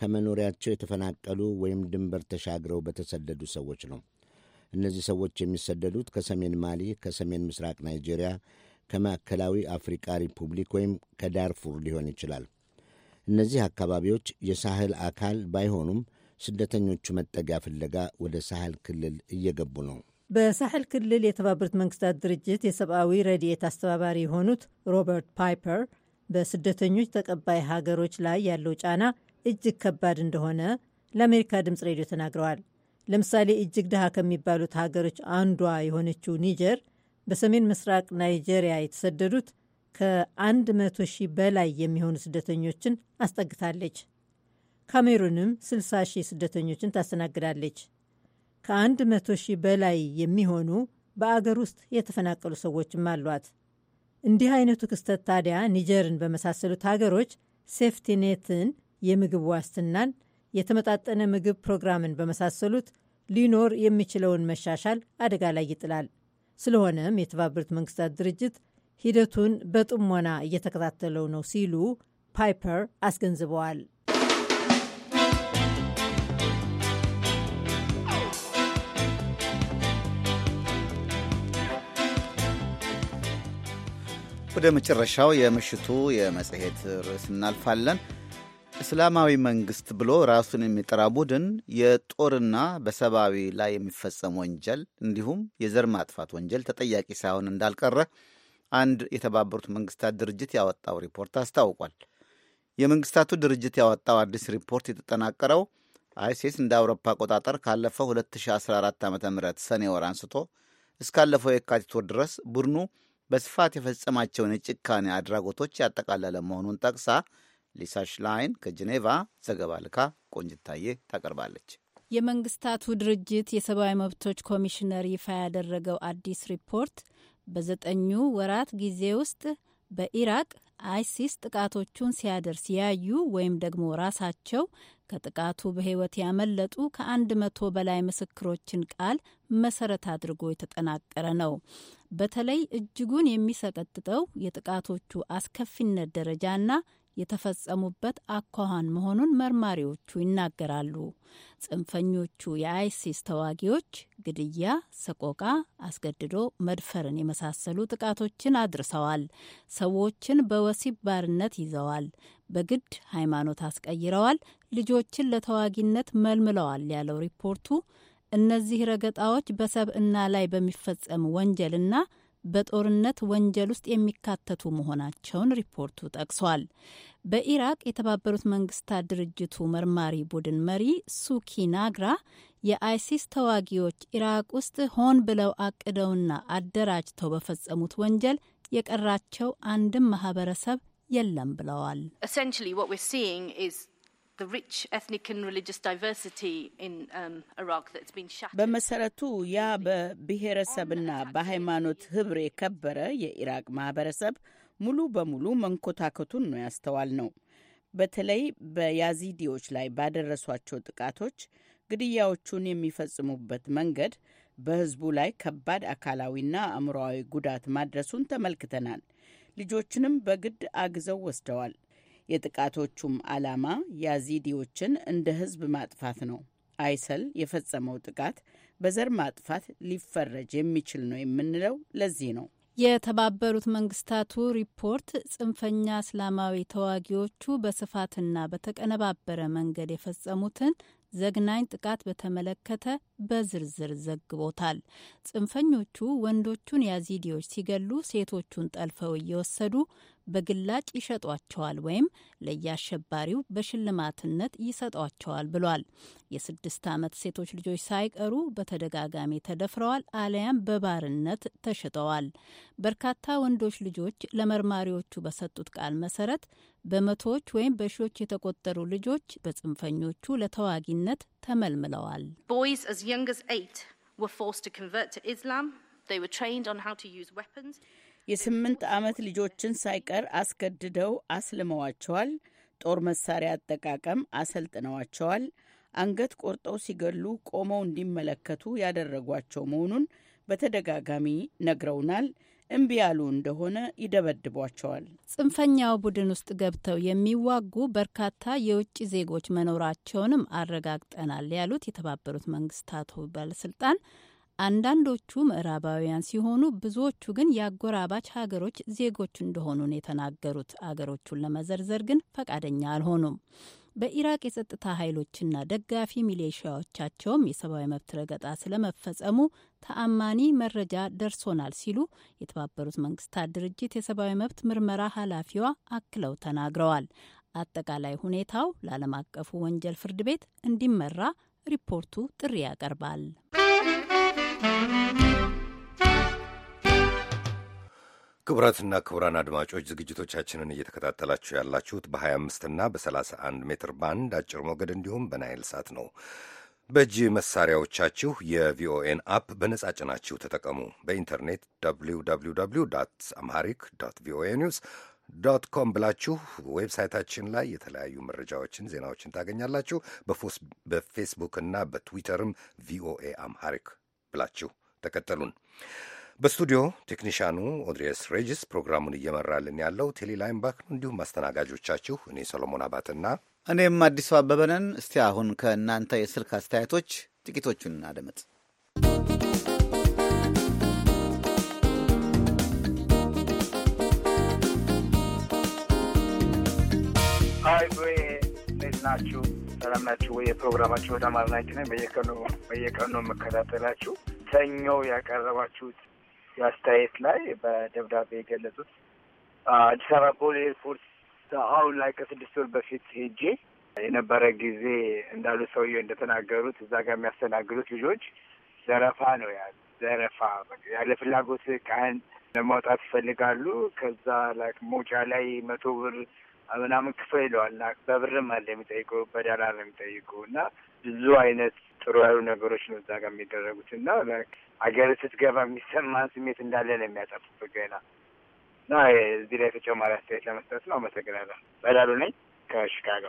ከመኖሪያቸው የተፈናቀሉ ወይም ድንበር ተሻግረው በተሰደዱ ሰዎች ነው። እነዚህ ሰዎች የሚሰደዱት ከሰሜን ማሊ፣ ከሰሜን ምስራቅ ናይጄሪያ፣ ከማዕከላዊ አፍሪቃ ሪፑብሊክ ወይም ከዳርፉር ሊሆን ይችላል። እነዚህ አካባቢዎች የሳህል አካል ባይሆኑም ስደተኞቹ መጠጊያ ፍለጋ ወደ ሳህል ክልል እየገቡ ነው። በሳህል ክልል የተባበሩት መንግስታት ድርጅት የሰብአዊ ረድኤት አስተባባሪ የሆኑት ሮበርት ፓይፐር በስደተኞች ተቀባይ ሀገሮች ላይ ያለው ጫና እጅግ ከባድ እንደሆነ ለአሜሪካ ድምፅ ሬዲዮ ተናግረዋል። ለምሳሌ እጅግ ድሃ ከሚባሉት ሀገሮች አንዷ የሆነችው ኒጀር በሰሜን ምስራቅ ናይጄሪያ የተሰደዱት ከ100 ሺህ በላይ የሚሆኑ ስደተኞችን አስጠግታለች። ካሜሩንም 60 ሺህ ስደተኞችን ታስተናግዳለች። ከአንድ መቶ ሺህ በላይ የሚሆኑ በአገር ውስጥ የተፈናቀሉ ሰዎችም አሏት። እንዲህ አይነቱ ክስተት ታዲያ ኒጀርን በመሳሰሉት ሀገሮች ሴፍቲኔትን፣ የምግብ ዋስትናን፣ የተመጣጠነ ምግብ ፕሮግራምን በመሳሰሉት ሊኖር የሚችለውን መሻሻል አደጋ ላይ ይጥላል። ስለሆነም የተባበሩት መንግስታት ድርጅት ሂደቱን በጥሞና እየተከታተለው ነው ሲሉ ፓይፐር አስገንዝበዋል። ወደ መጨረሻው የምሽቱ የመጽሔት ርዕስ እናልፋለን። እስላማዊ መንግስት ብሎ ራሱን የሚጠራ ቡድን የጦርና በሰብአዊ ላይ የሚፈጸም ወንጀል እንዲሁም የዘር ማጥፋት ወንጀል ተጠያቂ ሳይሆን እንዳልቀረ አንድ የተባበሩት መንግስታት ድርጅት ያወጣው ሪፖርት አስታውቋል። የመንግስታቱ ድርጅት ያወጣው አዲስ ሪፖርት የተጠናቀረው አይሲስ እንደ አውሮፓ አቆጣጠር ካለፈው 2014 ዓ ም ሰኔ ወር አንስቶ እስካለፈው የካቲት ወር ድረስ ቡድኑ በስፋት የፈጸማቸውን የጭካኔ አድራጎቶች ያጠቃለለ መሆኑን ጠቅሳ ሊሳ ሽላይን ከጄኔቫ ዘገባ ልካ ቆንጅታዬ ታቀርባለች። የመንግስታቱ ድርጅት የሰብአዊ መብቶች ኮሚሽነር ይፋ ያደረገው አዲስ ሪፖርት በዘጠኙ ወራት ጊዜ ውስጥ በኢራቅ አይሲስ ጥቃቶቹን ሲያደርስ ያዩ ወይም ደግሞ ራሳቸው ከጥቃቱ በሕይወት ያመለጡ ከአንድ መቶ በላይ ምስክሮችን ቃል መሰረት አድርጎ የተጠናቀረ ነው። በተለይ እጅጉን የሚሰቀጥጠው የጥቃቶቹ አስከፊነት ደረጃና የተፈጸሙበት አኳኋን መሆኑን መርማሪዎቹ ይናገራሉ። ጽንፈኞቹ የአይሲስ ተዋጊዎች ግድያ፣ ሰቆቃ፣ አስገድዶ መድፈርን የመሳሰሉ ጥቃቶችን አድርሰዋል። ሰዎችን በወሲብ ባርነት ይዘዋል። በግድ ሃይማኖት አስቀይረዋል፣ ልጆችን ለተዋጊነት መልምለዋል ያለው ሪፖርቱ እነዚህ ረገጣዎች በሰብዕና ላይ በሚፈጸም ወንጀልና በጦርነት ወንጀል ውስጥ የሚካተቱ መሆናቸውን ሪፖርቱ ጠቅሷል። በኢራቅ የተባበሩት መንግስታት ድርጅቱ መርማሪ ቡድን መሪ ሱኪ ናግራ የአይሲስ ተዋጊዎች ኢራቅ ውስጥ ሆን ብለው አቅደውና አደራጅተው በፈጸሙት ወንጀል የቀራቸው አንድም ማህበረሰብ የለም ብለዋል። um, በመሰረቱ ያ በብሔረሰብና በሃይማኖት ህብር የከበረ የኢራቅ ማህበረሰብ ሙሉ በሙሉ መንኮታኮቱን ነው ያስተዋል ነው። በተለይ በያዚዲዎች ላይ ባደረሷቸው ጥቃቶች ግድያዎቹን የሚፈጽሙበት መንገድ በህዝቡ ላይ ከባድ አካላዊና አእምሮዊ ጉዳት ማድረሱን ተመልክተናል። ልጆችንም በግድ አግዘው ወስደዋል። የጥቃቶቹም ዓላማ ያዚዲዎችን እንደ ህዝብ ማጥፋት ነው። አይሰል የፈጸመው ጥቃት በዘር ማጥፋት ሊፈረጅ የሚችል ነው የምንለው ለዚህ ነው። የተባበሩት መንግስታቱ ሪፖርት ጽንፈኛ እስላማዊ ተዋጊዎቹ በስፋትና በተቀነባበረ መንገድ የፈጸሙትን ዘግናኝ ጥቃት በተመለከተ በዝርዝር ዘግቦታል። ጽንፈኞቹ ወንዶቹን ያዚዲዎች ሲገሉ ሴቶቹን ጠልፈው እየወሰዱ በግላጭ ይሸጧቸዋል ወይም ለየአሸባሪው በሽልማትነት ይሰጧቸዋል ብሏል። የስድስት ዓመት ሴቶች ልጆች ሳይቀሩ በተደጋጋሚ ተደፍረዋል አለያም በባርነት ተሽጠዋል። በርካታ ወንዶች ልጆች ለመርማሪዎቹ በሰጡት ቃል መሰረት በመቶዎች ወይም በሺዎች የተቆጠሩ ልጆች በጽንፈኞቹ ለተዋጊነት ተመልምለዋል። ቦይዝ የስምንት ዓመት ልጆችን ሳይቀር አስገድደው አስልመዋቸዋል። ጦር መሳሪያ አጠቃቀም አሰልጥነዋቸዋል። አንገት ቆርጠው ሲገሉ ቆመው እንዲመለከቱ ያደረጓቸው መሆኑን በተደጋጋሚ ነግረውናል። እምቢ ያሉ እንደሆነ ይደበድቧቸዋል። ጽንፈኛው ቡድን ውስጥ ገብተው የሚዋጉ በርካታ የውጭ ዜጎች መኖራቸውንም አረጋግጠናል ያሉት የተባበሩት መንግስታቱ ባለስልጣን አንዳንዶቹ ምዕራባውያን ሲሆኑ ብዙዎቹ ግን የአጎራባች ሀገሮች ዜጎች እንደሆኑ ነው የተናገሩት። አገሮቹን ለመዘርዘር ግን ፈቃደኛ አልሆኑም። በኢራቅ የጸጥታ ኃይሎችና ደጋፊ ሚሊሺያዎቻቸውም የሰብአዊ መብት ረገጣ ስለመፈጸሙ ተአማኒ መረጃ ደርሶናል ሲሉ የተባበሩት መንግስታት ድርጅት የሰብአዊ መብት ምርመራ ኃላፊዋ አክለው ተናግረዋል። አጠቃላይ ሁኔታው ለዓለም አቀፉ ወንጀል ፍርድ ቤት እንዲመራ ሪፖርቱ ጥሪ ያቀርባል። ክቡራትና ክቡራን አድማጮች ዝግጅቶቻችንን እየተከታተላችሁ ያላችሁት በ25 እና በ31 ሜትር ባንድ አጭር ሞገድ እንዲሁም በናይል ሳት ነው። በእጅ መሳሪያዎቻችሁ የቪኦኤን አፕ በነጻ ጭናችሁ ተጠቀሙ። በኢንተርኔት www አምሃሪክ ቪኦኤ ኒውስ ዶት ኮም ብላችሁ ዌብሳይታችን ላይ የተለያዩ መረጃዎችን፣ ዜናዎችን ታገኛላችሁ። በፌስቡክ እና በትዊተርም ቪኦኤ አምሃሪክ ብላችሁ ተከተሉን። በስቱዲዮ ቴክኒሽያኑ ኦድሬስ ሬጅስ ፕሮግራሙን እየመራልን ያለው ቴሌላይምባክ ነው። እንዲሁም አስተናጋጆቻችሁ እኔ ሰሎሞን አባትና እኔም አዲሱ አበበነን። እስቲ አሁን ከእናንተ የስልክ አስተያየቶች ጥቂቶቹን አደመጥ። ሀይ ናችሁ ሰላም ናችሁ ወይ? የፕሮግራማችሁ በጣም አድናቂ ነኝ። በየቀኑ በየቀኑ የምከታተላችሁ። ሰኞ ያቀረባችሁት አስተያየት ላይ በደብዳቤ የገለጹት አዲስ አበባ ቦሌ ኤርፖርት አሁን ላይ ከስድስት ወር በፊት ሄጄ የነበረ ጊዜ እንዳሉ ሰውዬው እንደተናገሩት እዛ ጋር የሚያስተናግዱት ልጆች ዘረፋ ነው ያ ዘረፋ ያለ ፍላጎት ቃን ለማውጣት ይፈልጋሉ። ከዛ ላይክ መውጫ ላይ መቶ ብር ምናምን ክፍል ይለዋልና በብርም አለ የሚጠይቁ በዳላር ነው የሚጠይቁ እና ብዙ አይነት ጥሩ ያሉ ነገሮች ነው እዛ ጋር የሚደረጉት እና አገር ስትገባ የሚሰማን ስሜት እንዳለ ነው የሚያጠፉት ገና እና እዚህ ላይ ተጨማሪ አስተያየት ለመስጠት ነው። አመሰግናለሁ። በዳሉ ነኝ ከሽካጎ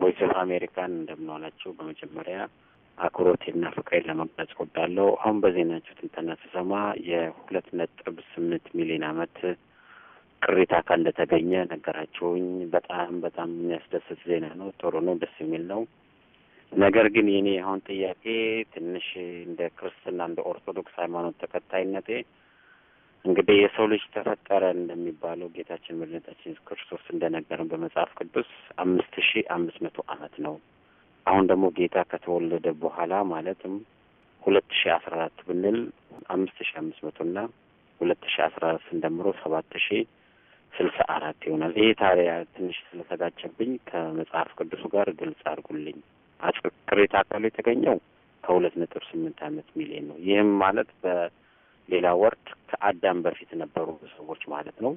ቮይስ ኦፍ አሜሪካን እንደምንሆናቸው በመጀመሪያ አክብሮቴና ፍቅሬን ለመግለጽ እወዳለሁ። አሁን በዜናቸው ትንተና ስሰማ የሁለት ነጥብ ስምንት ሚሊዮን አመት ቅሬታ ካለ ተገኘ ነገራቸውኝ። በጣም በጣም የሚያስደስት ዜና ነው። ጥሩ ነው። ደስ የሚል ነው። ነገር ግን የኔ አሁን ጥያቄ ትንሽ እንደ ክርስትና እንደ ኦርቶዶክስ ሃይማኖት ተከታይነቴ እንግዲህ የሰው ልጅ ተፈጠረ እንደሚባለው ጌታችን መድኃኒታችን ኢየሱስ ክርስቶስ እንደነገረን በመጽሐፍ ቅዱስ አምስት ሺ አምስት መቶ አመት ነው። አሁን ደግሞ ጌታ ከተወለደ በኋላ ማለትም ሁለት ሺ አስራ አራት ብንል አምስት ሺ አምስት መቶ ና ሁለት ሺ አስራ አራት ስንደምሮ ሰባት ሺ ስልሳ አራት ይሆናል። ይሄ ታዲያ ትንሽ ስለተጋጨብኝ ከመጽሐፍ ቅዱሱ ጋር ግልጽ አድርጉልኝ። አስክሬ አካሉ የተገኘው ከሁለት ነጥብ ስምንት አመት ሚሊዮን ነው። ይህም ማለት በሌላ ወርድ ከአዳም በፊት ነበሩ ሰዎች ማለት ነው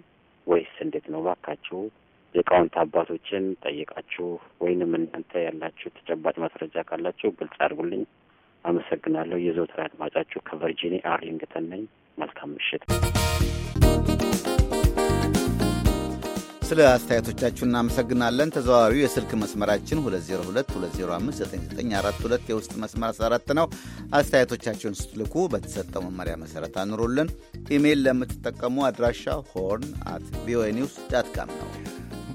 ወይስ እንዴት ነው? ባካችሁ የቃውንት አባቶችን ጠይቃችሁ ወይንም እናንተ ያላችሁ ተጨባጭ ማስረጃ ካላችሁ ግልጽ አድርጉልኝ። አመሰግናለሁ። የዘውትር አድማጫችሁ ከቨርጂኒ አርሊንግተን ነኝ። መልካም ምሽት። ስለ አስተያየቶቻችሁ እናመሰግናለን። ተዘዋዋሪው የስልክ መስመራችን 2022059942 የውስጥ መስመር 14 ነው። አስተያየቶቻችሁን ስትልኩ በተሰጠው መመሪያ መሠረት አኑሩልን። ኢሜይል ለምትጠቀሙ አድራሻ ሆርን አት ቪኦኤ ኒውስ ዳት ካም ነው።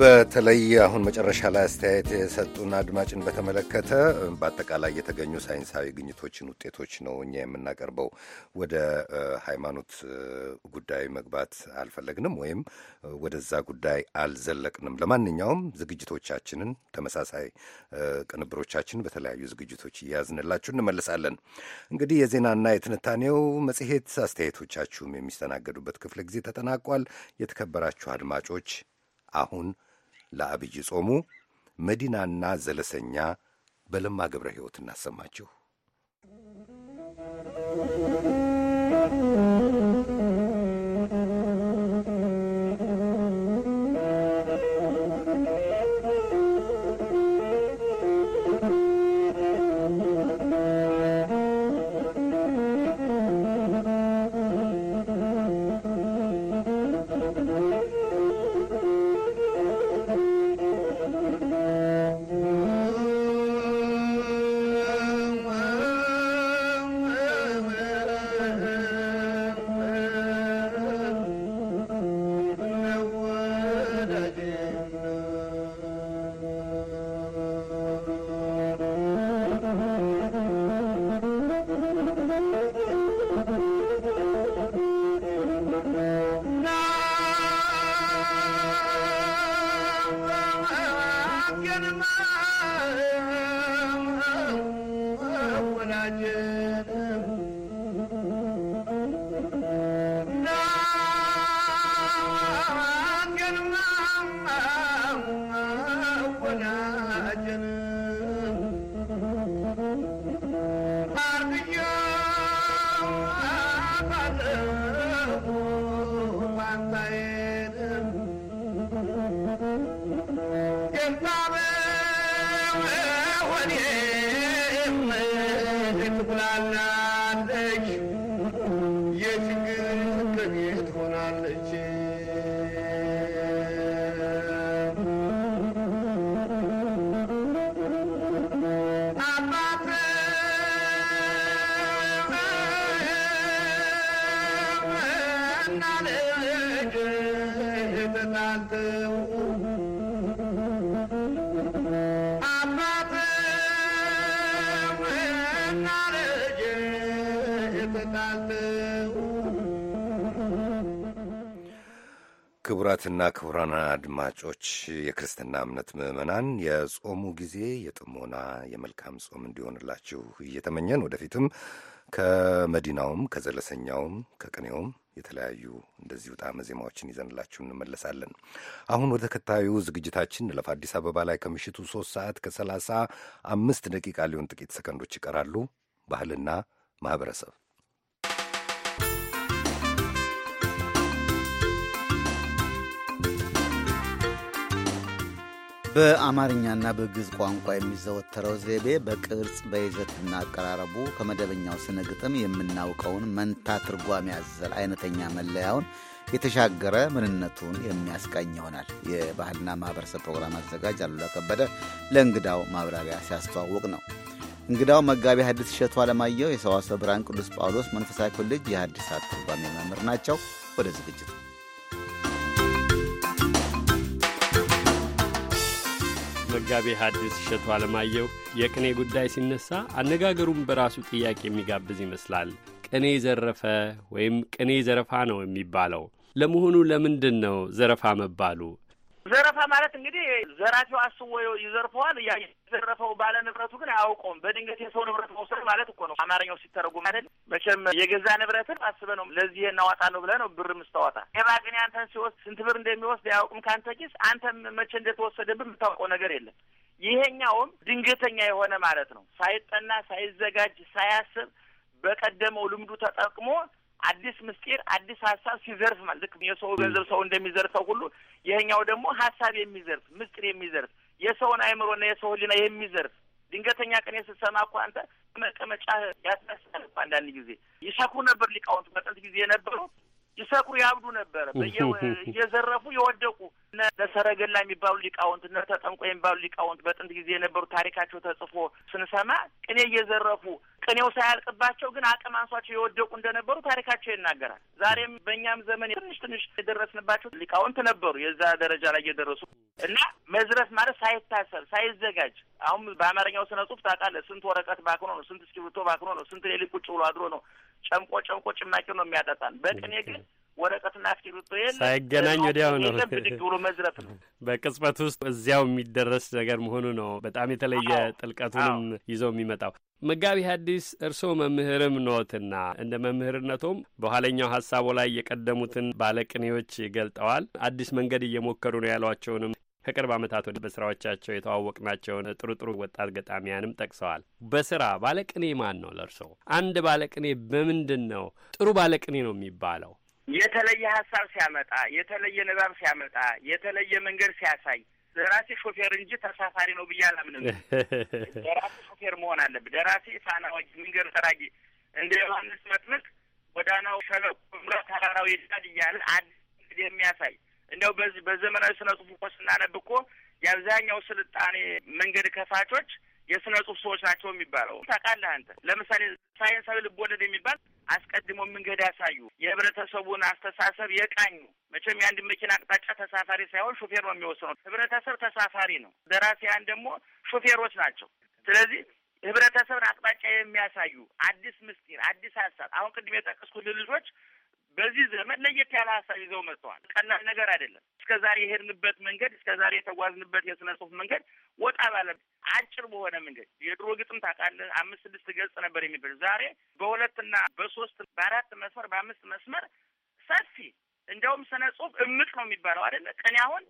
በተለይ አሁን መጨረሻ ላይ አስተያየት የሰጡን አድማጭን በተመለከተ በአጠቃላይ የተገኙ ሳይንሳዊ ግኝቶችን ውጤቶች ነው እኛ የምናቀርበው። ወደ ሃይማኖት ጉዳይ መግባት አልፈለግንም ወይም ወደዛ ጉዳይ አልዘለቅንም። ለማንኛውም ዝግጅቶቻችንን ተመሳሳይ ቅንብሮቻችንን በተለያዩ ዝግጅቶች እያያዝንላችሁ እንመልሳለን። እንግዲህ የዜናና የትንታኔው መጽሔት አስተያየቶቻችሁም የሚስተናገዱበት ክፍለ ጊዜ ተጠናቋል። የተከበራችሁ አድማጮች አሁን ለአብይ ጾሙ መዲናና ዘለሰኛ በለማ ገብረ ሕይወት እናሰማችሁ። ክቡራትና ክቡራን አድማጮች የክርስትና እምነት ምዕመናን የጾሙ ጊዜ የጥሞና የመልካም ጾም እንዲሆንላችሁ እየተመኘን ወደፊትም ከመዲናውም ከዘለሰኛውም ከቅኔውም የተለያዩ እንደዚሁ ጣዕመ ዜማዎችን ይዘንላችሁ እንመለሳለን። አሁን ወደ ተከታዩ ዝግጅታችን እንለፍ። አዲስ አበባ ላይ ከምሽቱ ሶስት ሰዓት ከሰላሳ አምስት ደቂቃ ሊሆን ጥቂት ሰከንዶች ይቀራሉ። ባህልና ማህበረሰብ በአማርኛና በግዕዝ ቋንቋ የሚዘወተረው ዘይቤ በቅርጽ በይዘትና አቀራረቡ ከመደበኛው ስነ ግጥም የምናውቀውን መንታ ትርጓሚ ያዘል አይነተኛ መለያውን የተሻገረ ምንነቱን የሚያስቃኝ ይሆናል። የባህልና ማህበረሰብ ፕሮግራም አዘጋጅ አሉላ ከበደ ለእንግዳው ማብራሪያ ሲያስተዋውቅ ነው። እንግዳው መጋቢ ሐዲስ እሸቱ አለማየሁ የሰዋሰው ብርሃን ቅዱስ ጳውሎስ መንፈሳዊ ኮሌጅ የሐዲሳት ትርጓሜ መምህር ናቸው። ወደ ዝግጅቱ መጋቤ ሐዲስ እሸቱ አለማየሁ የቅኔ ጉዳይ ሲነሳ አነጋገሩም በራሱ ጥያቄ የሚጋብዝ ይመስላል። ቅኔ ዘረፈ ወይም ቅኔ ዘረፋ ነው የሚባለው። ለመሆኑ ለምንድን ነው ዘረፋ መባሉ? ዘረፋ ማለት እንግዲህ ዘራፊው አስቦ ይዘርፈዋል። እያ የዘረፈው ባለ ንብረቱ ግን አያውቀውም። በድንገት የሰው ንብረት መውሰድ ማለት እኮ ነው አማርኛው ሲተረጉም አይደል? መቼም የገዛ ንብረትን አስበ ነው ለዚህ እናዋጣ ነው ብለህ ነው ብር ምስተዋጣ ሌባ ግን ያንተን ሲወስድ ስንት ብር እንደሚወስድ አያውቅም ከአንተ ኪስ። አንተ መቼ እንደተወሰደብን የምታውቀው ነገር የለም። ይሄኛውም ድንገተኛ የሆነ ማለት ነው። ሳይጠና ሳይዘጋጅ ሳያስብ በቀደመው ልምዱ ተጠቅሞ አዲስ ምስጢር አዲስ ሀሳብ ሲዘርፍ ማለት ልክ የሰው ገንዘብ ሰው እንደሚዘርፈው ሁሉ ይህኛው ደግሞ ሀሳብ የሚዘርፍ ምስጢር የሚዘርፍ የሰውን አእምሮና የሰው ሕሊና የሚዘርፍ ድንገተኛ ቀን ስትሰማ እኮ አንተ መቀመጫ ያስነሳል። አንዳንድ ጊዜ ይሰኩ ነበር ሊቃውንት መጠንት ጊዜ የነበሩ ይሰቁ ያብዱ ነበረ። እየዘረፉ የወደቁ ሰረገላ የሚባሉ ሊቃውንት፣ እነ ተጠምቆ የሚባሉ ሊቃውንት በጥንት ጊዜ የነበሩ ታሪካቸው ተጽፎ ስንሰማ ቅኔ እየዘረፉ ቅኔው ሳያልቅባቸው ግን አቅም አንሷቸው የወደቁ እንደነበሩ ታሪካቸው ይናገራል። ዛሬም በእኛም ዘመን ትንሽ ትንሽ የደረስንባቸው ሊቃውንት ነበሩ የዛ ደረጃ ላይ እየደረሱ እና መዝረፍ ማለት ሳይታሰብ ሳይዘጋጅ አሁን በአማርኛው ስነ ጽሁፍ ታውቃለህ፣ ስንት ወረቀት ባክኖ ነው፣ ስንት እስክሪብቶ ባክኖ ነው፣ ስንት ሌሊት ቁጭ ብሎ አድሮ ነው ጨምቆ ጨምቆ ጭማቂው ነው የሚያጠጣን። በቅኔ ግን ወረቀትና እስክሪብቶ ሳይገናኝ ወዲያው ነው ብድግ ብሎ መዝረፍ ነው። በቅጽበት ውስጥ እዚያው የሚደረስ ነገር መሆኑ ነው። በጣም የተለየ ጥልቀቱንም ይዘው የሚመጣው መጋቢ ሐዲስ እርስዎ መምህርም ኖትና እንደ መምህርነቶም በኋለኛው ሀሳቡ ላይ የቀደሙትን ባለቅኔዎች ገልጠዋል። አዲስ መንገድ እየሞከሩ ነው ያሏቸውንም ከቅርብ ዓመታት ወደ በስራዎቻቸው የተዋወቅናቸውን ጥሩ ጥሩ ወጣት ገጣሚያንም ጠቅሰዋል። በስራ ባለቅኔ ማን ነው ለእርሶ? አንድ ባለቅኔ በምንድን ነው ጥሩ ባለቅኔ ነው የሚባለው? የተለየ ሀሳብ ሲያመጣ፣ የተለየ ንባብ ሲያመጣ፣ የተለየ መንገድ ሲያሳይ ደራሲ ሾፌር እንጂ ተሳፋሪ ነው ብዬ አላምንም። ደራሲ ሾፌር መሆን አለብ። ደራሲ ፋና ወጊ፣ መንገድ ጠራጊ፣ እንደ ዮሐንስ መጥምቅ ጎዳናው ሸለቆ፣ ምረት ተራራው ይዳድ እያለ አዲስ የሚያሳይ እንዲያው በዚህ በዘመናዊ ስነ ጽሁፍ እኮ ስናነብ እኮ የአብዛኛው ስልጣኔ መንገድ ከፋቾች የስነ ጽሁፍ ሰዎች ናቸው የሚባለው ታውቃለህ አንተ። ለምሳሌ ሳይንሳዊ ልቦለድ የሚባል አስቀድሞ መንገድ ያሳዩ፣ የህብረተሰቡን አስተሳሰብ የቃኙ። መቼም የአንድ መኪና አቅጣጫ ተሳፋሪ ሳይሆን ሾፌር ነው የሚወስነው። ህብረተሰብ ተሳፋሪ ነው፣ ደራሲያን ደግሞ ሾፌሮች ናቸው። ስለዚህ ህብረተሰብን አቅጣጫ የሚያሳዩ አዲስ ምስጢር፣ አዲስ ሀሳብ አሁን ቅድም የጠቀስኩት ልልጆች በዚህ ዘመን ለየት ያለ ሀሳብ ይዘው መጥተዋል። ቀላል ነገር አይደለም። እስከ ዛሬ የሄድንበት መንገድ፣ እስከ ዛሬ የተጓዝንበት የስነ ጽሁፍ መንገድ ወጣ ባለ አጭር በሆነ መንገድ የድሮ ግጥም ታውቃለህ፣ አምስት ስድስት ገጽ ነበር የሚበል ዛሬ በሁለትና በሶስት በአራት መስመር በአምስት መስመር ሰፊ እንዲያውም ስነ ጽሁፍ እምቅ ነው የሚባለው አይደለ? ቅኔ አሁን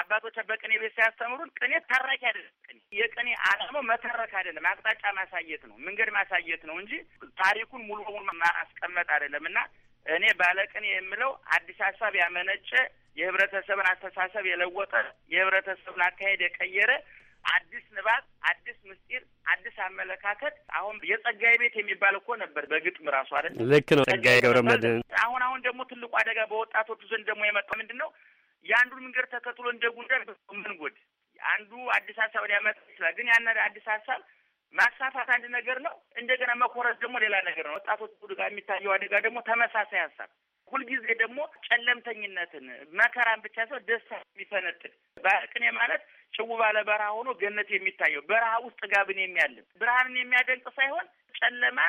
አባቶች በቅኔ ቤት ሲያስተምሩን ቅኔ ተራኪ አይደለም። ቅኔ የቅኔ ዓላማው መተረክ አይደለም፣ አቅጣጫ ማሳየት ነው፣ መንገድ ማሳየት ነው እንጂ ታሪኩን ሙሉ በሙሉ ማስቀመጥ አይደለም እና እኔ ባለቅኔ የምለው አዲስ ሀሳብ ያመነጨ የህብረተሰብን አስተሳሰብ የለወጠ የህብረተሰብን አካሄድ የቀየረ አዲስ ንባብ፣ አዲስ ምስጢር፣ አዲስ አመለካከት። አሁን የጸጋዬ ቤት የሚባል እኮ ነበር በግጥም ራሱ አይደል? ልክ ነው። ጸጋዬ ገብረመድህን። አሁን አሁን ደግሞ ትልቁ አደጋ በወጣቶቹ ዘንድ ደግሞ የመጣ ምንድን ነው? የአንዱን መንገድ ተከትሎ እንደ ጉንዳን መንጎድ። አንዱ አዲስ ሀሳብ ሊያመጣ ይችላል፣ ግን ያን አዲስ ሀሳብ ማስፋፋት አንድ ነገር ነው። እንደገና መኮረስ ደግሞ ሌላ ነገር ነው። ወጣቶች ቡድ ጋር የሚታየው አደጋ ደግሞ ተመሳሳይ ሀሳብ ሁልጊዜ ደግሞ ጨለምተኝነትን መከራን ብቻ ሰው ደስታ የሚፈነጥቅ ቅኔ ማለት ጭው ባለ በረሃ ሆኖ ገነት የሚታየው በረሃ ውስጥ ጋብን የሚያልም ብርሃንን የሚያደንቅ ሳይሆን ጨለማ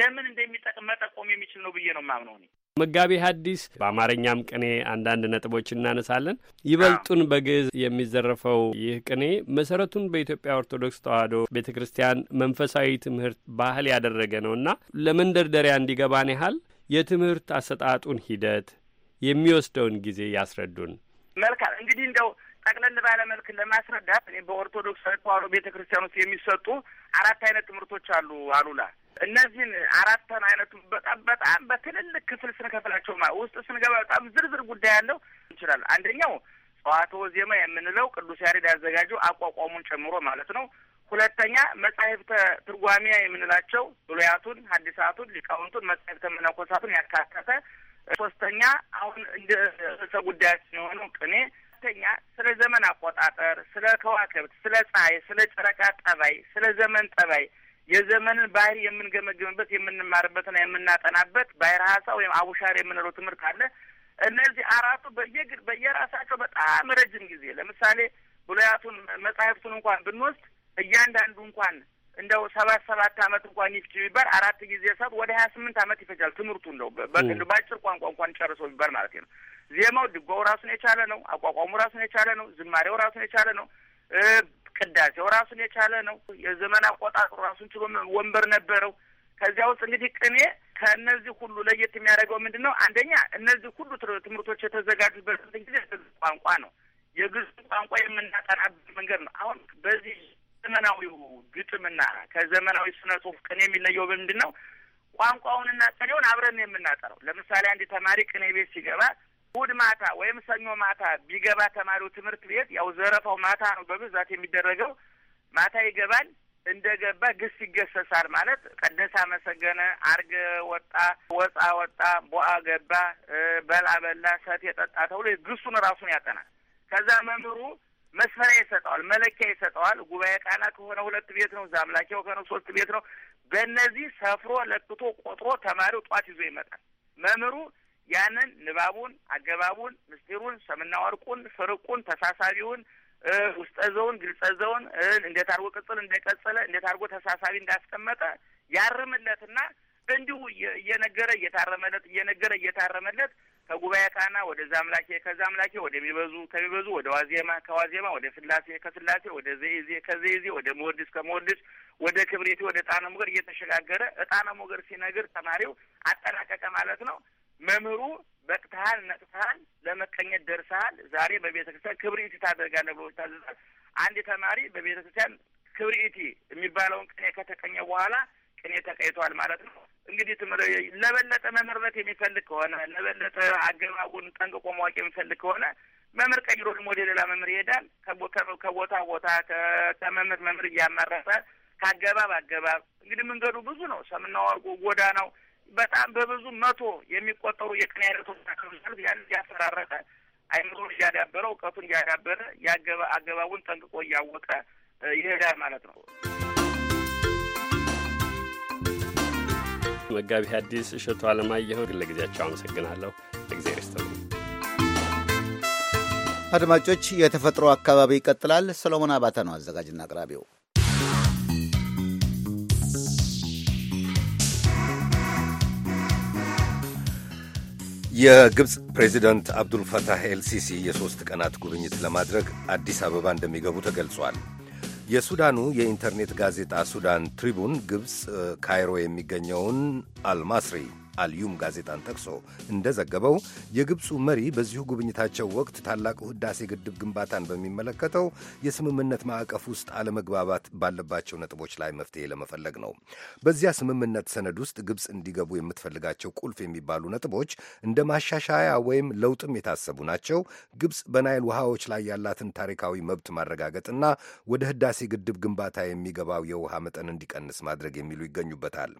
ለምን እንደሚጠቅም መጠቆም የሚችል ነው ብዬ ነው የማምነው እኔ። መጋቢ ሐዲስ በአማርኛም ቅኔ አንዳንድ ነጥቦች እናነሳለን። ይበልጡን በግዕዝ የሚዘረፈው ይህ ቅኔ መሰረቱን በኢትዮጵያ ኦርቶዶክስ ተዋሕዶ ቤተ ክርስቲያን መንፈሳዊ ትምህርት ባህል ያደረገ ነውና ለመንደርደሪያ እንዲገባን ያህል የትምህርት አሰጣጡን ሂደት የሚወስደውን ጊዜ ያስረዱን። መልካም እንግዲህ እንደው ጠቅለል ባለ መልክ ለማስረዳት እኔ በኦርቶዶክሳዊ ተዋሕዶ ቤተ ክርስቲያን ውስጥ የሚሰጡ አራት አይነት ትምህርቶች አሉ አሉላ እነዚህን አራተን አይነቱ በጣም በጣም በትልልቅ ክፍል ስንከፍላቸው ውስጥ ስንገባ በጣም ዝርዝር ጉዳይ ያለው እንችላል። አንደኛው ጸዋትወ ዜማ የምንለው ቅዱስ ያሬድ ያዘጋጀው አቋቋሙን ጨምሮ ማለት ነው። ሁለተኛ መጻሕፍተ ትርጓሚያ የምንላቸው ብሉያቱን፣ ሐዲሳቱን፣ ሊቃውንቱን፣ መጻሕፍተ መነኮሳቱን ያካተተ ሶስተኛ አሁን እንደ ርዕሰ ጉዳያችን የሆነው ቅኔ ሁለተኛ ስለ ዘመን አቆጣጠር፣ ስለ ከዋክብት፣ ስለ ፀሐይ፣ ስለ ጨረቃ ጠባይ፣ ስለ ዘመን ጠባይ የዘመንን ባህሪ የምንገመግምበት የምንማርበትና የምናጠናበት ባህረ ሀሳ ወይም አቡሻር የምንለው ትምህርት አለ። እነዚህ አራቱ በየግ በየራሳቸው በጣም ረጅም ጊዜ ለምሳሌ ብሉያቱን መጽሐፍቱን እንኳን ብንወስድ እያንዳንዱ እንኳን እንደው ሰባት ሰባት አመት እንኳን ይፍች ቢባል አራት ጊዜ ሰብ ወደ ሀያ ስምንት አመት ይፈጃል ትምህርቱ እንደው በአጭር ቋንቋ እንኳን ጨርሶ ቢባል ማለት ነው። ዜማው ድጓው ራሱን የቻለ ነው። አቋቋሙ ራሱን የቻለ ነው። ዝማሬው ራሱን የቻለ ነው። ቅዳሴው ራሱን የቻለ ነው። የዘመን አቆጣጠሩ ራሱን ችሎ ወንበር ነበረው። ከዚያ ውስጥ እንግዲህ ቅኔ ከእነዚህ ሁሉ ለየት የሚያደርገው ምንድን ነው? አንደኛ እነዚህ ሁሉ ትምህርቶች የተዘጋጁበት ጊዜ ቋንቋ ነው። የግዕዝ ቋንቋ የምናጠናበት መንገድ ነው። አሁን በዚህ ዘመናዊው ግጥምና ከዘመናዊ ስነ ጽሁፍ ቅኔ የሚለየው ምንድን ነው? ቋንቋውንና ቅኔውን አብረን የምናጠረው። ለምሳሌ አንድ ተማሪ ቅኔ ቤት ሲገባ እሑድ ማታ ወይም ሰኞ ማታ ቢገባ ተማሪው ትምህርት ቤት ያው ዘረፋው ማታ ነው በብዛት የሚደረገው። ማታ ይገባል። እንደገባ ግስ ይገሰሳል ማለት ቀደስ አመሰገነ፣ አርገ ወጣ፣ ወፃ ወጣ፣ ቦአ ገባ፣ በላ በላ፣ ሰት የጠጣ ተብሎ ግሱን ራሱን ያጠናል። ከዛ መምህሩ መስፈሪያ ይሰጠዋል፣ መለኪያ ይሰጠዋል። ጉባኤ ቃና ከሆነ ሁለት ቤት ነው፣ ዛምላኪያው ከሆነ ሶስት ቤት ነው። በእነዚህ ሰፍሮ ለክቶ ቆጥሮ ተማሪው ጧት ይዞ ይመጣል። መምህሩ ያንን ንባቡን፣ አገባቡን፣ ምስጢሩን፣ ሰምና ወርቁን፣ ፍርቁን፣ ተሳሳቢውን፣ ውስጠ ዘውን፣ ግልጸ ዘውን እንዴት አድርጎ ቅጽል እንደቀጸለ እንዴት አድርጎ ተሳሳቢ እንዳስቀመጠ ያርምለትና እንዲሁ እየነገረ እየታረመለት እየነገረ እየታረመለት ከጉባኤ ቃና ወደዛ አምላኬ ከዛ አምላኬ ወደሚበዙ ከሚበዙ ወደ ዋዜማ ከዋዜማ ወደ ስላሴ ከስላሴ ወደ ዘይዜ ከዘይዜ ወደ መወድስ ከመወድስ ወደ ክብሬቴ ወደ እጣነ ሞገር እየተሸጋገረ እጣነ ሞገድ ሲነግር ተማሪው አጠናቀቀ ማለት ነው። መምህሩ በቅትሃል፣ ነቅትሃል፣ ለመቀኘት ደርሰሃል፣ ዛሬ በቤተ ክርስቲያን ክብርኢቲ ታደርጋለህ ብሎ ታዘዛል። አንድ ተማሪ በቤተ ክርስቲያን ክብርኢቲ የሚባለውን ቅኔ ከተቀኘ በኋላ ቅኔ ተቀይቷል ማለት ነው። እንግዲህ ትምህር ለበለጠ መመርመት የሚፈልግ ከሆነ ለበለጠ አገባቡን ጠንቅቆ ማወቅ የሚፈልግ ከሆነ መምህር ቀይሮ ደግሞ ወደ ሌላ መምህር ይሄዳል። ከቦታ ቦታ ከመምህር መምህር እያመረጠ ከአገባብ አገባብ እንግዲህ መንገዱ ብዙ ነው። ሰምና ወርቁ ነው በጣም በብዙ መቶ የሚቆጠሩ የቅኔ አይነቶች ናቸው። ያን እያፈራረቀ አይምሮን እያዳበረ እውቀቱን እያዳበረ ያገባ አገባቡን ጠንቅቆ እያወቀ ይሄዳል ማለት ነው። መጋቢ ሐዲስ እሸቱ አለማየሁ ለጊዜያቸው አመሰግናለሁ። ለጊዜር ስትነ አድማጮች፣ የተፈጥሮ አካባቢ ይቀጥላል። ሰሎሞን አባተ ነው አዘጋጅና አቅራቢው። የግብፅ ፕሬዚደንት አብዱልፈታህ ኤልሲሲ የሦስት ቀናት ጉብኝት ለማድረግ አዲስ አበባ እንደሚገቡ ተገልጿል። የሱዳኑ የኢንተርኔት ጋዜጣ ሱዳን ትሪቡን ግብፅ ካይሮ የሚገኘውን አልማስሪ አልዩም ጋዜጣን ጠቅሶ እንደዘገበው የግብፁ መሪ በዚሁ ጉብኝታቸው ወቅት ታላቁ ህዳሴ ግድብ ግንባታን በሚመለከተው የስምምነት ማዕቀፍ ውስጥ አለመግባባት ባለባቸው ነጥቦች ላይ መፍትሄ ለመፈለግ ነው። በዚያ ስምምነት ሰነድ ውስጥ ግብፅ እንዲገቡ የምትፈልጋቸው ቁልፍ የሚባሉ ነጥቦች እንደ ማሻሻያ ወይም ለውጥም የታሰቡ ናቸው። ግብፅ በናይል ውሃዎች ላይ ያላትን ታሪካዊ መብት ማረጋገጥና ወደ ህዳሴ ግድብ ግንባታ የሚገባው የውሃ መጠን እንዲቀንስ ማድረግ የሚሉ ይገኙበታል።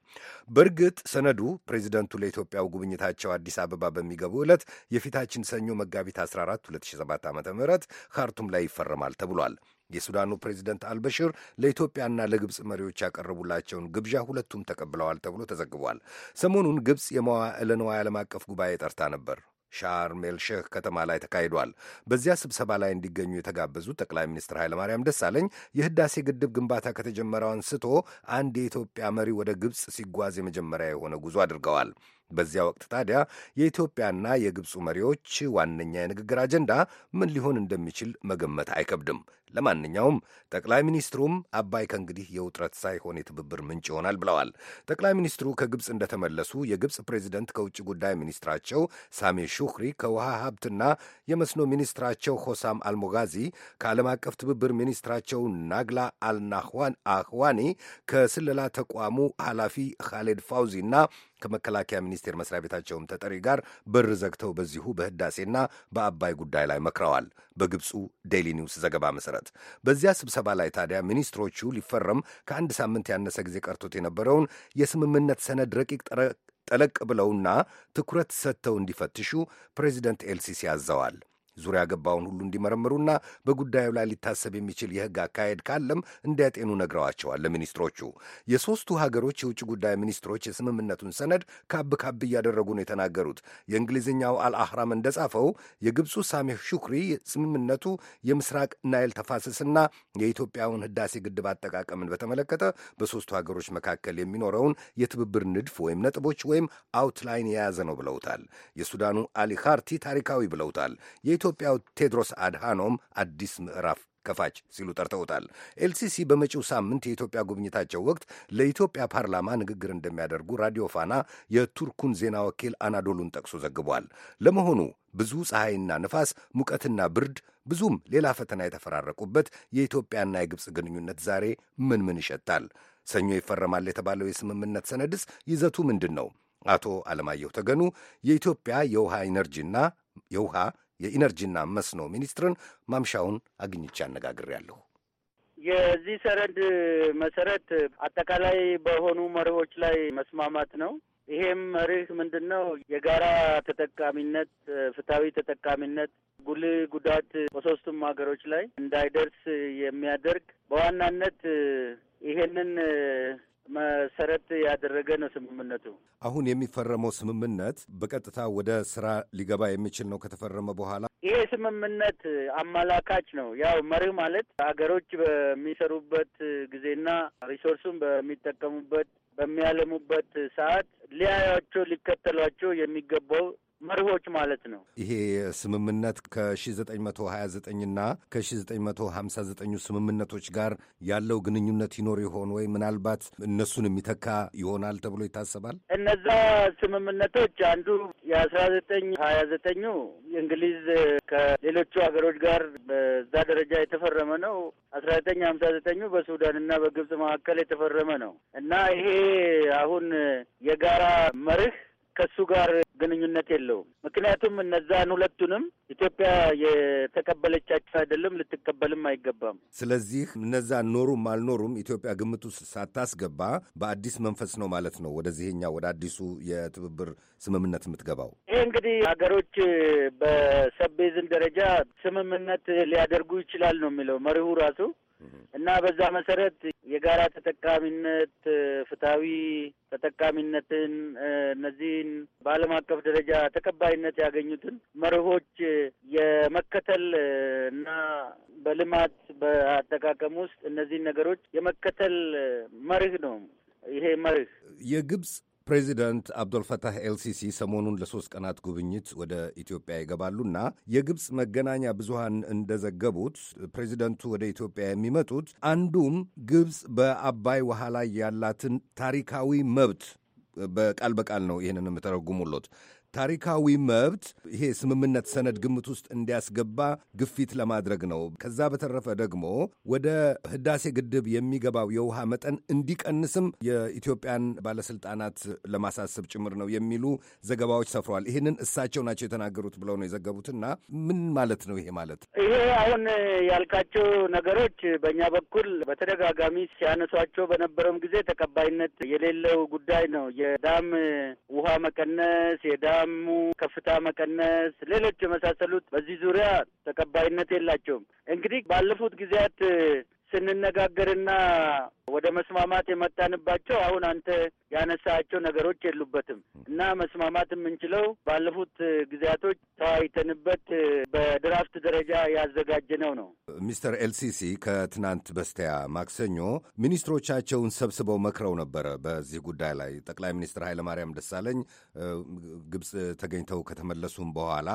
በእርግጥ ሰነዱ ፕሬዚደንት ፕሬዚዳንቱ ለኢትዮጵያው ጉብኝታቸው አዲስ አበባ በሚገቡ ዕለት የፊታችን ሰኞ መጋቢት 14 2007 ዓ ም ካርቱም ላይ ይፈረማል ተብሏል። የሱዳኑ ፕሬዚደንት አልበሽር ለኢትዮጵያና ለግብፅ መሪዎች ያቀረቡላቸውን ግብዣ ሁለቱም ተቀብለዋል ተብሎ ተዘግቧል። ሰሞኑን ግብፅ የመዋዕለ ንዋይ ዓለም አቀፍ ጉባኤ ጠርታ ነበር። ሻርም ኤል ከተማ ላይ ተካሂዷል። በዚያ ስብሰባ ላይ እንዲገኙ የተጋበዙት ጠቅላይ ሚኒስትር ኃይለማርያም ደሳለኝ የህዳሴ ግድብ ግንባታ ከተጀመረው አንስቶ አንድ የኢትዮጵያ መሪ ወደ ግብፅ ሲጓዝ የመጀመሪያ የሆነ ጉዞ አድርገዋል። በዚያ ወቅት ታዲያ የኢትዮጵያና የግብፁ መሪዎች ዋነኛ የንግግር አጀንዳ ምን ሊሆን እንደሚችል መገመት አይከብድም። ለማንኛውም ጠቅላይ ሚኒስትሩም አባይ ከእንግዲህ የውጥረት ሳይሆን የትብብር ምንጭ ይሆናል ብለዋል። ጠቅላይ ሚኒስትሩ ከግብፅ እንደተመለሱ የግብፅ ፕሬዚደንት ከውጭ ጉዳይ ሚኒስትራቸው ሳሜ ሹክሪ፣ ከውሃ ሀብትና የመስኖ ሚኒስትራቸው ሆሳም አልሞጋዚ፣ ከዓለም አቀፍ ትብብር ሚኒስትራቸው ናግላ አልናህዋን አህዋኒ፣ ከስለላ ተቋሙ ኃላፊ ካሌድ ፋውዚ እና ከመከላከያ ሚኒስቴር መስሪያ ቤታቸውም ተጠሪ ጋር በር ዘግተው በዚሁ በህዳሴና በአባይ ጉዳይ ላይ መክረዋል። በግብፁ ዴይሊ ኒውስ ዘገባ መሠረት ለማስመልከት። በዚያ ስብሰባ ላይ ታዲያ ሚኒስትሮቹ ሊፈረም ከአንድ ሳምንት ያነሰ ጊዜ ቀርቶት የነበረውን የስምምነት ሰነድ ረቂቅ ጠለቅ ብለውና ትኩረት ሰጥተው እንዲፈትሹ ፕሬዚደንት ኤልሲሲ አዘዋል። ዙሪያ ገባውን ሁሉ እንዲመረምሩና በጉዳዩ ላይ ሊታሰብ የሚችል የህግ አካሄድ ካለም እንዲያጤኑ ነግረዋቸዋል ለሚኒስትሮቹ። የሦስቱ ሀገሮች የውጭ ጉዳይ ሚኒስትሮች የስምምነቱን ሰነድ ካብ ካብ እያደረጉ ነው የተናገሩት። የእንግሊዝኛው አልአህራም እንደጻፈው የግብፁ ሳሜህ ሹክሪ ስምምነቱ የምስራቅ ናይል ተፋሰስና የኢትዮጵያውን ህዳሴ ግድብ አጠቃቀምን በተመለከተ በሦስቱ ሀገሮች መካከል የሚኖረውን የትብብር ንድፍ ወይም ነጥቦች ወይም አውትላይን የያዘ ነው ብለውታል። የሱዳኑ አሊ ካርቲ ታሪካዊ ብለውታል። የኢትዮጵያው ቴድሮስ አድሃኖም አዲስ ምዕራፍ ከፋች ሲሉ ጠርተውታል። ኤልሲሲ በመጪው ሳምንት የኢትዮጵያ ጉብኝታቸው ወቅት ለኢትዮጵያ ፓርላማ ንግግር እንደሚያደርጉ ራዲዮ ፋና የቱርኩን ዜና ወኪል አናዶሉን ጠቅሶ ዘግቧል። ለመሆኑ ብዙ ፀሐይና ንፋስ፣ ሙቀትና ብርድ፣ ብዙም ሌላ ፈተና የተፈራረቁበት የኢትዮጵያና የግብፅ ግንኙነት ዛሬ ምን ምን ይሸታል? ሰኞ ይፈረማል የተባለው የስምምነት ሰነድስ ይዘቱ ምንድን ነው? አቶ አለማየሁ ተገኑ የኢትዮጵያ የውሃ ኢነርጂና የውሃ የኢነርጂና መስኖ ሚኒስትርን ማምሻውን አግኝቼ አነጋግሬያለሁ። የዚህ ሰነድ መሰረት አጠቃላይ በሆኑ መርሆች ላይ መስማማት ነው። ይሄም መርህ ምንድን ነው? የጋራ ተጠቃሚነት፣ ፍትሐዊ ተጠቃሚነት ጉልህ ጉዳት በሶስቱም ሀገሮች ላይ እንዳይደርስ የሚያደርግ በዋናነት ይሄንን መሰረት ያደረገ ነው ስምምነቱ። አሁን የሚፈረመው ስምምነት በቀጥታ ወደ ስራ ሊገባ የሚችል ነው ከተፈረመ በኋላ። ይሄ ስምምነት አመላካች ነው። ያው መርህ ማለት ሀገሮች በሚሰሩበት ጊዜና ሪሶርሱን በሚጠቀሙበት በሚያለሙበት ሰዓት ሊያያቸው ሊከተሏቸው የሚገባው መርሆች ማለት ነው። ይሄ ስምምነት ከ 1929 እና ከ1959ኙ ስምምነቶች ጋር ያለው ግንኙነት ይኖር ይሆን ወይ? ምናልባት እነሱን የሚተካ ይሆናል ተብሎ ይታሰባል። እነዛ ስምምነቶች አንዱ የአስራ ዘጠኝ ሀያ ዘጠኙ እንግሊዝ ከሌሎቹ ሀገሮች ጋር በዛ ደረጃ የተፈረመ ነው። አስራ ዘጠኝ ሀምሳ ዘጠኙ በሱዳንና በግብጽ መካከል የተፈረመ ነው እና ይሄ አሁን የጋራ መርህ ከሱ ጋር ግንኙነት የለውም። ምክንያቱም እነዛን ሁለቱንም ኢትዮጵያ የተቀበለቻቸው አይደለም፣ ልትቀበልም አይገባም። ስለዚህ እነዛ ኖሩም አልኖሩም ኢትዮጵያ ግምቱ ሳታስገባ በአዲስ መንፈስ ነው ማለት ነው ወደዚህኛ ወደ አዲሱ የትብብር ስምምነት የምትገባው። ይህ እንግዲህ ሀገሮች በሰቤዝን ደረጃ ስምምነት ሊያደርጉ ይችላል ነው የሚለው መሪሁ ራሱ እና በዛ መሰረት የጋራ ተጠቃሚነት፣ ፍትሐዊ ተጠቃሚነትን እነዚህን በዓለም አቀፍ ደረጃ ተቀባይነት ያገኙትን መርሆች የመከተል እና በልማት በአጠቃቀም ውስጥ እነዚህን ነገሮች የመከተል መርህ ነው። ይሄ መርህ የግብፅ ፕሬዚደንት አብዶልፈታህ ኤልሲሲ ሰሞኑን ለሶስት ቀናት ጉብኝት ወደ ኢትዮጵያ ይገባሉና የግብፅ መገናኛ ብዙሃን እንደዘገቡት ፕሬዚደንቱ ወደ ኢትዮጵያ የሚመጡት አንዱም ግብፅ በአባይ ውሃ ላይ ያላትን ታሪካዊ መብት በቃል በቃል ነው ይህንን የምተረጉሙሎት ታሪካዊ መብት ይሄ ስምምነት ሰነድ ግምት ውስጥ እንዲያስገባ ግፊት ለማድረግ ነው። ከዛ በተረፈ ደግሞ ወደ ህዳሴ ግድብ የሚገባው የውሃ መጠን እንዲቀንስም የኢትዮጵያን ባለስልጣናት ለማሳሰብ ጭምር ነው የሚሉ ዘገባዎች ሰፍረዋል። ይህንን እሳቸው ናቸው የተናገሩት ብለው ነው የዘገቡትና ምን ማለት ነው ይሄ ማለት? ይሄ አሁን ያልካቸው ነገሮች በእኛ በኩል በተደጋጋሚ ሲያነሷቸው በነበረውም ጊዜ ተቀባይነት የሌለው ጉዳይ ነው። የዳም ውሃ መቀነስ፣ የዳም የተጣሙ ከፍታ መቀነስ፣ ሌሎች የመሳሰሉት በዚህ ዙሪያ ተቀባይነት የላቸውም። እንግዲህ ባለፉት ጊዜያት ስንነጋገርና ወደ መስማማት የመጣንባቸው አሁን አንተ ያነሳቸው ነገሮች የሉበትም እና መስማማት የምንችለው ባለፉት ጊዜያቶች ተወያይተንበት በድራፍት ደረጃ ያዘጋጀነው ነው። ሚስተር ኤልሲሲ ከትናንት በስቲያ ማክሰኞ ሚኒስትሮቻቸውን ሰብስበው መክረው ነበረ በዚህ ጉዳይ ላይ ጠቅላይ ሚኒስትር ኃይለማርያም ደሳለኝ ግብፅ ተገኝተው ከተመለሱም በኋላ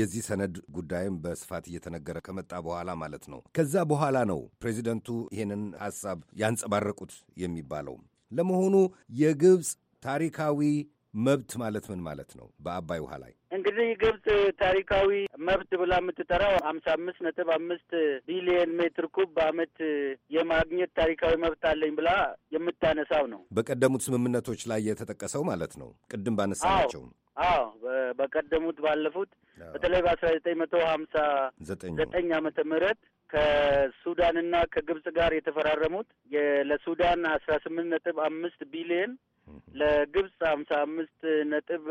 የዚህ ሰነድ ጉዳይም በስፋት እየተነገረ ከመጣ በኋላ ማለት ነው። ከዛ በኋላ ነው ፕሬዚደንቱ ይህንን ሀሳብ ያንጸባረቁት የሚባለው። ለመሆኑ የግብፅ ታሪካዊ መብት ማለት ምን ማለት ነው በአባይ ውሃ ላይ? እንግዲህ ግብጽ ታሪካዊ መብት ብላ የምትጠራው ሀምሳ አምስት ነጥብ አምስት ቢሊየን ሜትር ኩብ በአመት የማግኘት ታሪካዊ መብት አለኝ ብላ የምታነሳው ነው። በቀደሙት ስምምነቶች ላይ የተጠቀሰው ማለት ነው። ቅድም ባነሳቸው አዎ በቀደሙት ባለፉት በተለይ በአስራ ዘጠኝ መቶ ሀምሳ ዘጠኝ ዓመተ ምህረት ከሱዳንና ከግብጽ ጋር የተፈራረሙት ለሱዳን አስራ ስምንት ነጥብ አምስት ቢሊየን ለግብጽ ሀምሳ አምስት ነጥብ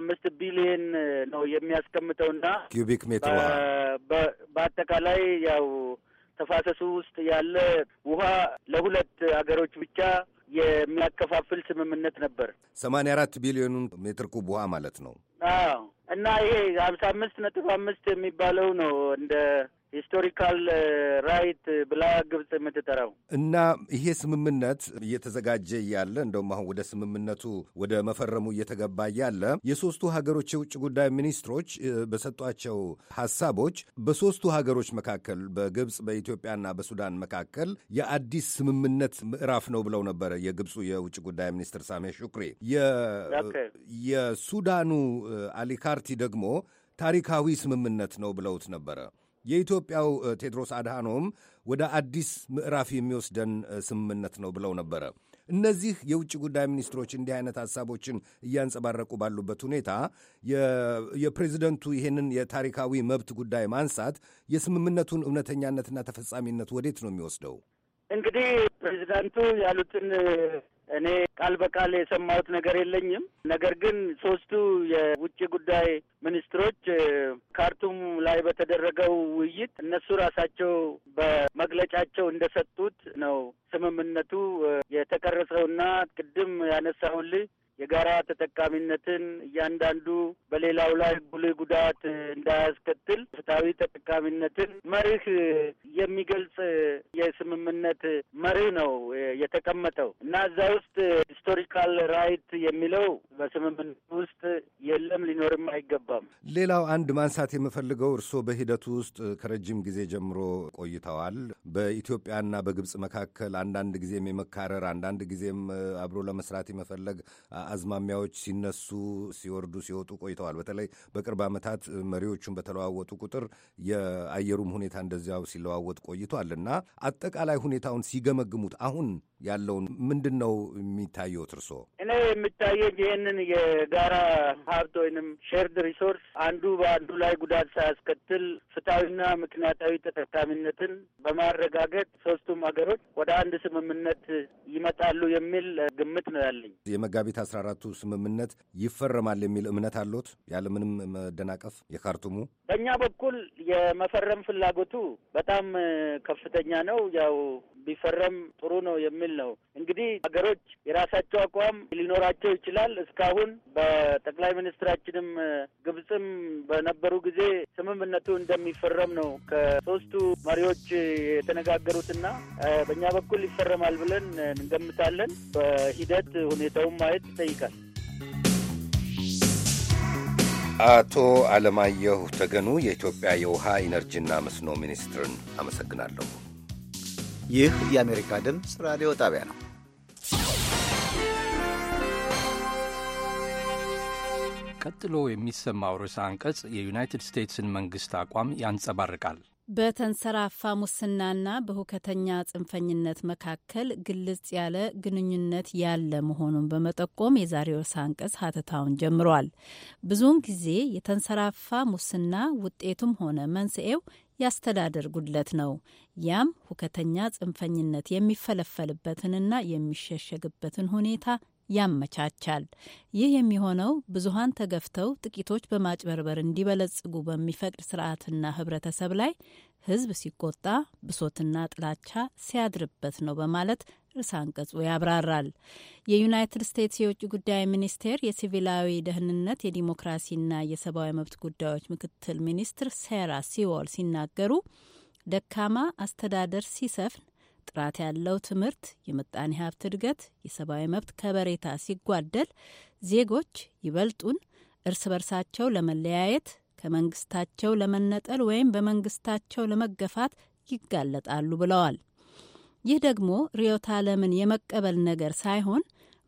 አምስት ቢሊየን ነው የሚያስቀምጠውና ኪዩቢክ ሜትር ውሃ በአጠቃላይ ያው ተፋሰሱ ውስጥ ያለ ውሃ ለሁለት አገሮች ብቻ የሚያከፋፍል ስምምነት ነበር። ሰማንያ አራት ቢሊዮኑን ሜትር ኩብ ውሃ ማለት ነው። አዎ እና ይሄ ሀምሳ አምስት ነጥብ አምስት የሚባለው ነው እንደ ሂስቶሪካል ራይት ብላ ግብጽ የምትጠራው እና ይሄ ስምምነት እየተዘጋጀ እያለ እንደውም አሁን ወደ ስምምነቱ ወደ መፈረሙ እየተገባ እያለ የሶስቱ ሀገሮች የውጭ ጉዳይ ሚኒስትሮች በሰጧቸው ሀሳቦች በሶስቱ ሀገሮች መካከል በግብጽ በኢትዮጵያና በሱዳን መካከል የአዲስ ስምምነት ምዕራፍ ነው ብለው ነበረ። የግብፁ የውጭ ጉዳይ ሚኒስትር ሳሜ ሹክሪ የሱዳኑ አሊካርቲ ደግሞ ታሪካዊ ስምምነት ነው ብለውት ነበረ። የኢትዮጵያው ቴድሮስ አድሃኖም ወደ አዲስ ምዕራፍ የሚወስደን ስምምነት ነው ብለው ነበረ። እነዚህ የውጭ ጉዳይ ሚኒስትሮች እንዲህ አይነት ሀሳቦችን እያንጸባረቁ ባሉበት ሁኔታ የፕሬዚደንቱ ይህንን የታሪካዊ መብት ጉዳይ ማንሳት የስምምነቱን እውነተኛነትና ተፈጻሚነት ወዴት ነው የሚወስደው? እንግዲህ ፕሬዚዳንቱ ያሉትን እኔ ቃል በቃል የሰማሁት ነገር የለኝም። ነገር ግን ሶስቱ የውጭ ጉዳይ ሚኒስትሮች ካርቱም ላይ በተደረገው ውይይት እነሱ ራሳቸው በመግለጫቸው እንደሰጡት ነው ስምምነቱ የተቀረጸውና ቅድም ያነሳሁልህ የጋራ ተጠቃሚነትን እያንዳንዱ በሌላው ላይ ጉልህ ጉዳት እንዳያስከትል ፍትሐዊ ተጠቃሚነትን መርህ የሚገልጽ የስምምነት መርህ ነው የተቀመጠው እና እዛ ውስጥ ሂስቶሪካል ራይት የሚለው በስምምነት ውስጥ የለም፣ ሊኖርም አይገባም። ሌላው አንድ ማንሳት የምፈልገው እርስዎ በሂደቱ ውስጥ ከረጅም ጊዜ ጀምሮ ቆይተዋል። በኢትዮጵያና በግብጽ መካከል አንዳንድ ጊዜም የመካረር አንዳንድ ጊዜም አብሮ ለመስራት የመፈለግ አዝማሚያዎች ሲነሱ ሲወርዱ ሲወጡ ቆይተዋል። በተለይ በቅርብ ዓመታት መሪዎቹን በተለዋወጡ ቁጥር የአየሩም ሁኔታ እንደዚያው ሲለዋወጥ ቆይቷል እና አጠቃላይ ሁኔታውን ሲገመግሙት አሁን ያለውን ምንድን ነው የሚታየውት እርሶ? እኔ የሚታየኝ ይህንን የጋራ ሀብት ወይንም ሼርድ ሪሶርስ አንዱ በአንዱ ላይ ጉዳት ሳያስከትል ፍትሐዊና ምክንያታዊ ተጠቃሚነትን በማረጋገጥ ሶስቱም ሀገሮች ወደ አንድ ስምምነት ይመጣሉ የሚል ግምት ነው ያለኝ። የመጋቢት ቱ ስምምነት ይፈረማል የሚል እምነት አሎት? ያለምንም መደናቀፍ የካርቱሙ በእኛ በኩል የመፈረም ፍላጎቱ በጣም ከፍተኛ ነው። ያው ቢፈረም ጥሩ ነው የሚል ነው። እንግዲህ ሀገሮች የራሳቸው አቋም ሊኖራቸው ይችላል። እስካሁን በጠቅላይ ሚኒስትራችንም ግብጽም በነበሩ ጊዜ ስምምነቱ እንደሚፈረም ነው ከሶስቱ መሪዎች የተነጋገሩትና በእኛ በኩል ይፈረማል ብለን እንገምታለን። በሂደት ሁኔታውን ማየት ይጠይቃል። አቶ አለማየሁ ተገኑ የኢትዮጵያ የውሃ ኢነርጂና መስኖ ሚኒስትርን አመሰግናለሁ። ይህ የአሜሪካ ድምፅ ራዲዮ ጣቢያ ነው። ቀጥሎ የሚሰማው ርዕሰ አንቀጽ የዩናይትድ ስቴትስን መንግስት አቋም ያንጸባርቃል። በተንሰራፋ ሙስናና በሁከተኛ ጽንፈኝነት መካከል ግልጽ ያለ ግንኙነት ያለ መሆኑን በመጠቆም የዛሬው ርዕሰ አንቀጽ ሀተታውን ጀምሯል። ብዙውን ጊዜ የተንሰራፋ ሙስና ውጤቱም ሆነ መንስኤው የአስተዳደር ጉድለት ነው። ያም ሁከተኛ ጽንፈኝነት የሚፈለፈልበትንና የሚሸሸግበትን ሁኔታ ያመቻቻል። ይህ የሚሆነው ብዙሀን ተገፍተው ጥቂቶች በማጭበርበር እንዲበለጽጉ በሚፈቅድ ስርዓትና ህብረተሰብ ላይ ህዝብ ሲቆጣ ብሶትና ጥላቻ ሲያድርበት ነው በማለት ርዕሰ አንቀጹ ያብራራል። የዩናይትድ ስቴትስ የውጭ ጉዳይ ሚኒስቴር የሲቪላዊ ደህንነት የዲሞክራሲና የሰብአዊ መብት ጉዳዮች ምክትል ሚኒስትር ሴራ ሲዎል ሲናገሩ ደካማ አስተዳደር ሲሰፍን ጥራት ያለው ትምህርት፣ የምጣኔ ሀብት እድገት፣ የሰብአዊ መብት ከበሬታ ሲጓደል ዜጎች ይበልጡን እርስ በርሳቸው ለመለያየት ከመንግስታቸው ለመነጠል ወይም በመንግስታቸው ለመገፋት ይጋለጣሉ ብለዋል። ይህ ደግሞ ርዕዮተ ዓለምን የመቀበል ነገር ሳይሆን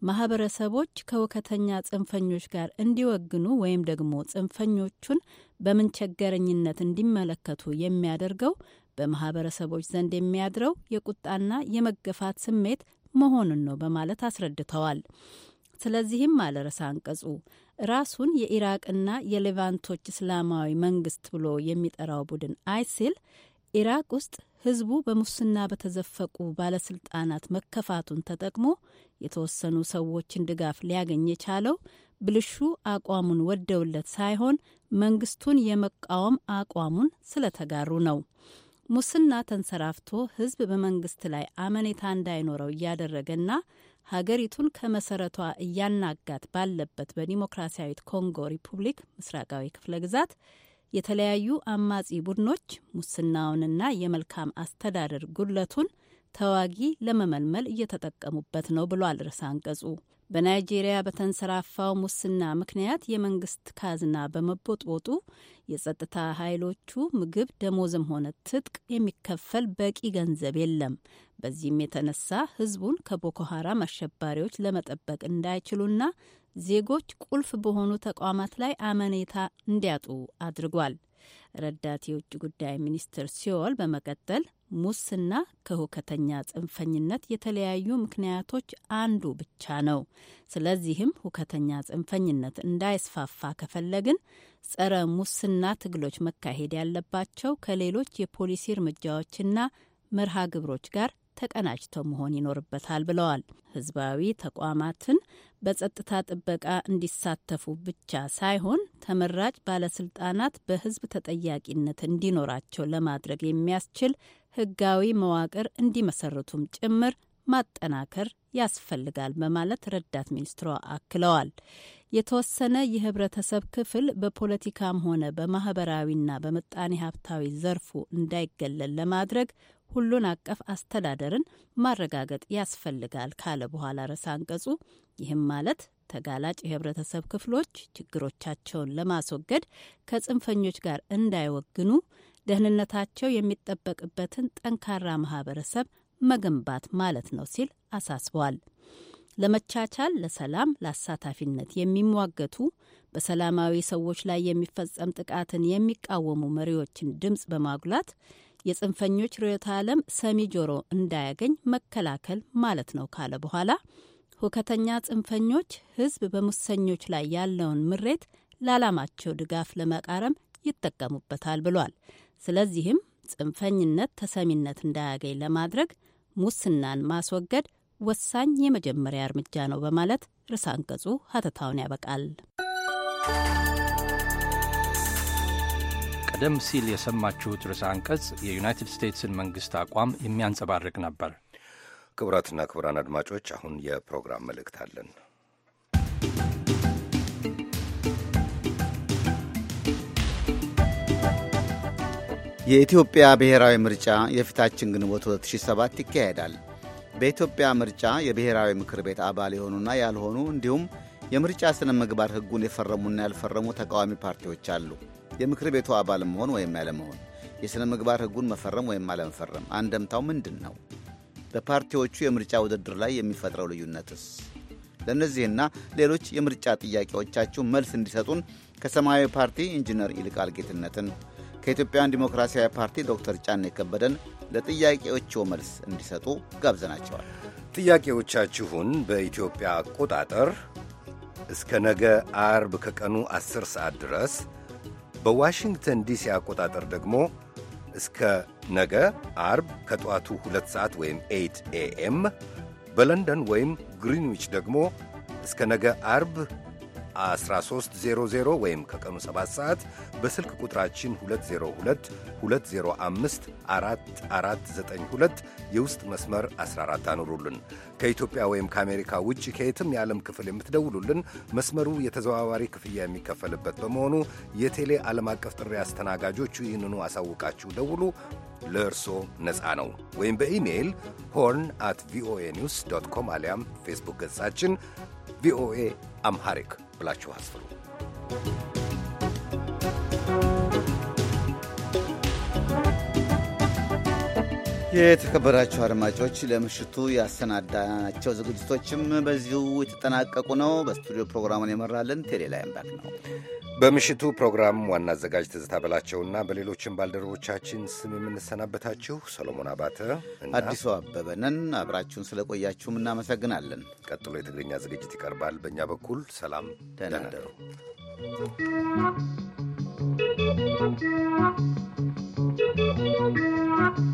ማህበረሰቦች ከውከተኛ ጽንፈኞች ጋር እንዲወግኑ ወይም ደግሞ ጽንፈኞቹን በምንቸገረኝነት እንዲመለከቱ የሚያደርገው በማህበረሰቦች ዘንድ የሚያድረው የቁጣና የመገፋት ስሜት መሆኑን ነው በማለት አስረድተዋል። ስለዚህም አለ ርዕሰ አንቀጹ ራሱን የኢራቅና የሌቫንቶች እስላማዊ መንግስት ብሎ የሚጠራው ቡድን አይሲል ኢራቅ ውስጥ ህዝቡ በሙስና በተዘፈቁ ባለስልጣናት መከፋቱን ተጠቅሞ የተወሰኑ ሰዎችን ድጋፍ ሊያገኝ የቻለው ብልሹ አቋሙን ወደውለት ሳይሆን መንግስቱን የመቃወም አቋሙን ስለተጋሩ ነው። ሙስና ተንሰራፍቶ ህዝብ በመንግስት ላይ አመኔታ እንዳይኖረው እያደረገና ሀገሪቱን ከመሰረቷ እያናጋት ባለበት በዲሞክራሲያዊት ኮንጎ ሪፑብሊክ ምስራቃዊ ክፍለ ግዛት የተለያዩ አማጺ ቡድኖች ሙስናውንና የመልካም አስተዳደር ጉድለቱን ተዋጊ ለመመልመል እየተጠቀሙበት ነው ብሏል ርዕሰ አንቀጹ። በናይጄሪያ በተንሰራፋው ሙስና ምክንያት የመንግስት ካዝና በመቦጥቦጡ የጸጥታ ኃይሎቹ ምግብ፣ ደሞዝም ሆነ ትጥቅ የሚከፈል በቂ ገንዘብ የለም። በዚህም የተነሳ ህዝቡን ከቦኮ ሀራም አሸባሪዎች ለመጠበቅ እንዳይችሉና ዜጎች ቁልፍ በሆኑ ተቋማት ላይ አመኔታ እንዲያጡ አድርጓል። ረዳት የውጭ ጉዳይ ሚኒስትር ሲኦል በመቀጠል ሙስና ከሁከተኛ ጽንፈኝነት የተለያዩ ምክንያቶች አንዱ ብቻ ነው። ስለዚህም ሁከተኛ ጽንፈኝነት እንዳይስፋፋ ከፈለግን ጸረ ሙስና ትግሎች መካሄድ ያለባቸው ከሌሎች የፖሊሲ እርምጃዎችና መርሃ ግብሮች ጋር ተቀናጅተው መሆን ይኖርበታል ብለዋል። ህዝባዊ ተቋማትን በጸጥታ ጥበቃ እንዲሳተፉ ብቻ ሳይሆን ተመራጭ ባለስልጣናት በህዝብ ተጠያቂነት እንዲኖራቸው ለማድረግ የሚያስችል ህጋዊ መዋቅር እንዲመሰርቱም ጭምር ማጠናከር ያስፈልጋል በማለት ረዳት ሚኒስትሯ አክለዋል። የተወሰነ የህብረተሰብ ክፍል በፖለቲካም ሆነ በማህበራዊና በምጣኔ ሀብታዊ ዘርፉ እንዳይገለል ለማድረግ ሁሉን አቀፍ አስተዳደርን ማረጋገጥ ያስፈልጋል ካለ በኋላ ርዕሰ አንቀጹ ይህም ማለት ተጋላጭ የህብረተሰብ ክፍሎች ችግሮቻቸውን ለማስወገድ ከጽንፈኞች ጋር እንዳይወግኑ፣ ደህንነታቸው የሚጠበቅበትን ጠንካራ ማህበረሰብ መገንባት ማለት ነው ሲል አሳስበዋል። ለመቻቻል፣ ለሰላም፣ ለአሳታፊነት የሚሟገቱ በሰላማዊ ሰዎች ላይ የሚፈጸም ጥቃትን የሚቃወሙ መሪዎችን ድምፅ በማጉላት የጽንፈኞች ርዕዮተ ዓለም ሰሚ ጆሮ እንዳያገኝ መከላከል ማለት ነው ካለ በኋላ ሁከተኛ ጽንፈኞች ህዝብ በሙሰኞች ላይ ያለውን ምሬት ለዓላማቸው ድጋፍ ለመቃረም ይጠቀሙበታል ብሏል። ስለዚህም ጽንፈኝነት ተሰሚነት እንዳያገኝ ለማድረግ ሙስናን ማስወገድ ወሳኝ የመጀመሪያ እርምጃ ነው በማለት ርዕሰ አንቀጹ ሀተታውን ያበቃል። ቀደም ሲል የሰማችሁት ርዕሰ አንቀጽ የዩናይትድ ስቴትስን መንግሥት አቋም የሚያንጸባርቅ ነበር። ክቡራትና ክቡራን አድማጮች አሁን የፕሮግራም መልእክት አለን። የኢትዮጵያ ብሔራዊ ምርጫ የፊታችን ግንቦት 2007 ይካሄዳል። በኢትዮጵያ ምርጫ የብሔራዊ ምክር ቤት አባል የሆኑና ያልሆኑ እንዲሁም የምርጫ ስነ ምግባር ሕጉን የፈረሙና ያልፈረሙ ተቃዋሚ ፓርቲዎች አሉ። የምክር ቤቱ አባል መሆን ወይም ያለመሆን፣ የሥነ ምግባር ሕጉን መፈረም ወይም አለመፈረም አንደምታው ምንድን ነው? በፓርቲዎቹ የምርጫ ውድድር ላይ የሚፈጥረው ልዩነትስ? ለእነዚህና ሌሎች የምርጫ ጥያቄዎቻችሁ መልስ እንዲሰጡን ከሰማያዊ ፓርቲ ኢንጂነር ይልቃል ጌትነትን ከኢትዮጵያውያን ዲሞክራሲያዊ ፓርቲ ዶክተር ጫኔ ከበደን ለጥያቄዎቹ መልስ እንዲሰጡ ጋብዘናቸዋል። ጥያቄዎቻችሁን በኢትዮጵያ አቆጣጠር እስከ ነገ አርብ ከቀኑ 10 ሰዓት ድረስ በዋሽንግተን ዲሲ አቆጣጠር ደግሞ እስከ ነገ አርብ ከጠዋቱ 2 ሰዓት ወይም 8 ኤኤም በለንደን ወይም ግሪንዊች ደግሞ እስከ ነገ አርብ 1300 ወይም ከቀኑ 7 ሰዓት በስልክ ቁጥራችን 202 205 4492 የውስጥ መስመር 14 አኑሩልን። ከኢትዮጵያ ወይም ከአሜሪካ ውጭ ከየትም የዓለም ክፍል የምትደውሉልን መስመሩ የተዘዋዋሪ ክፍያ የሚከፈልበት በመሆኑ የቴሌ ዓለም አቀፍ ጥሪ አስተናጋጆቹ ይህንኑ አሳውቃችሁ ደውሉ። ለእርሶ ነፃ ነው። ወይም በኢሜይል ሆርን አት ቪኦኤ ኒውስ ዶት ኮም አሊያም ፌስቡክ ገጻችን ቪኦኤ አምሃሪክ ብላችሁ አስፍሩ። የተከበራችሁ አድማጮች ለምሽቱ ያሰናዳናቸው ዝግጅቶችም በዚሁ የተጠናቀቁ ነው። በስቱዲዮ ፕሮግራሙን የመራልን ቴሌላ ያምባክ ነው። በምሽቱ ፕሮግራም ዋና አዘጋጅ ትዝታ በላቸውና በሌሎችም ባልደረቦቻችን ስም የምንሰናበታችሁ ሰሎሞን አባተ፣ አዲሱ አበበንን አብራችሁን ስለቆያችሁም እናመሰግናለን። ቀጥሎ የትግርኛ ዝግጅት ይቀርባል። በእኛ በኩል ሰላም፣ ደህና ደሩ። Thank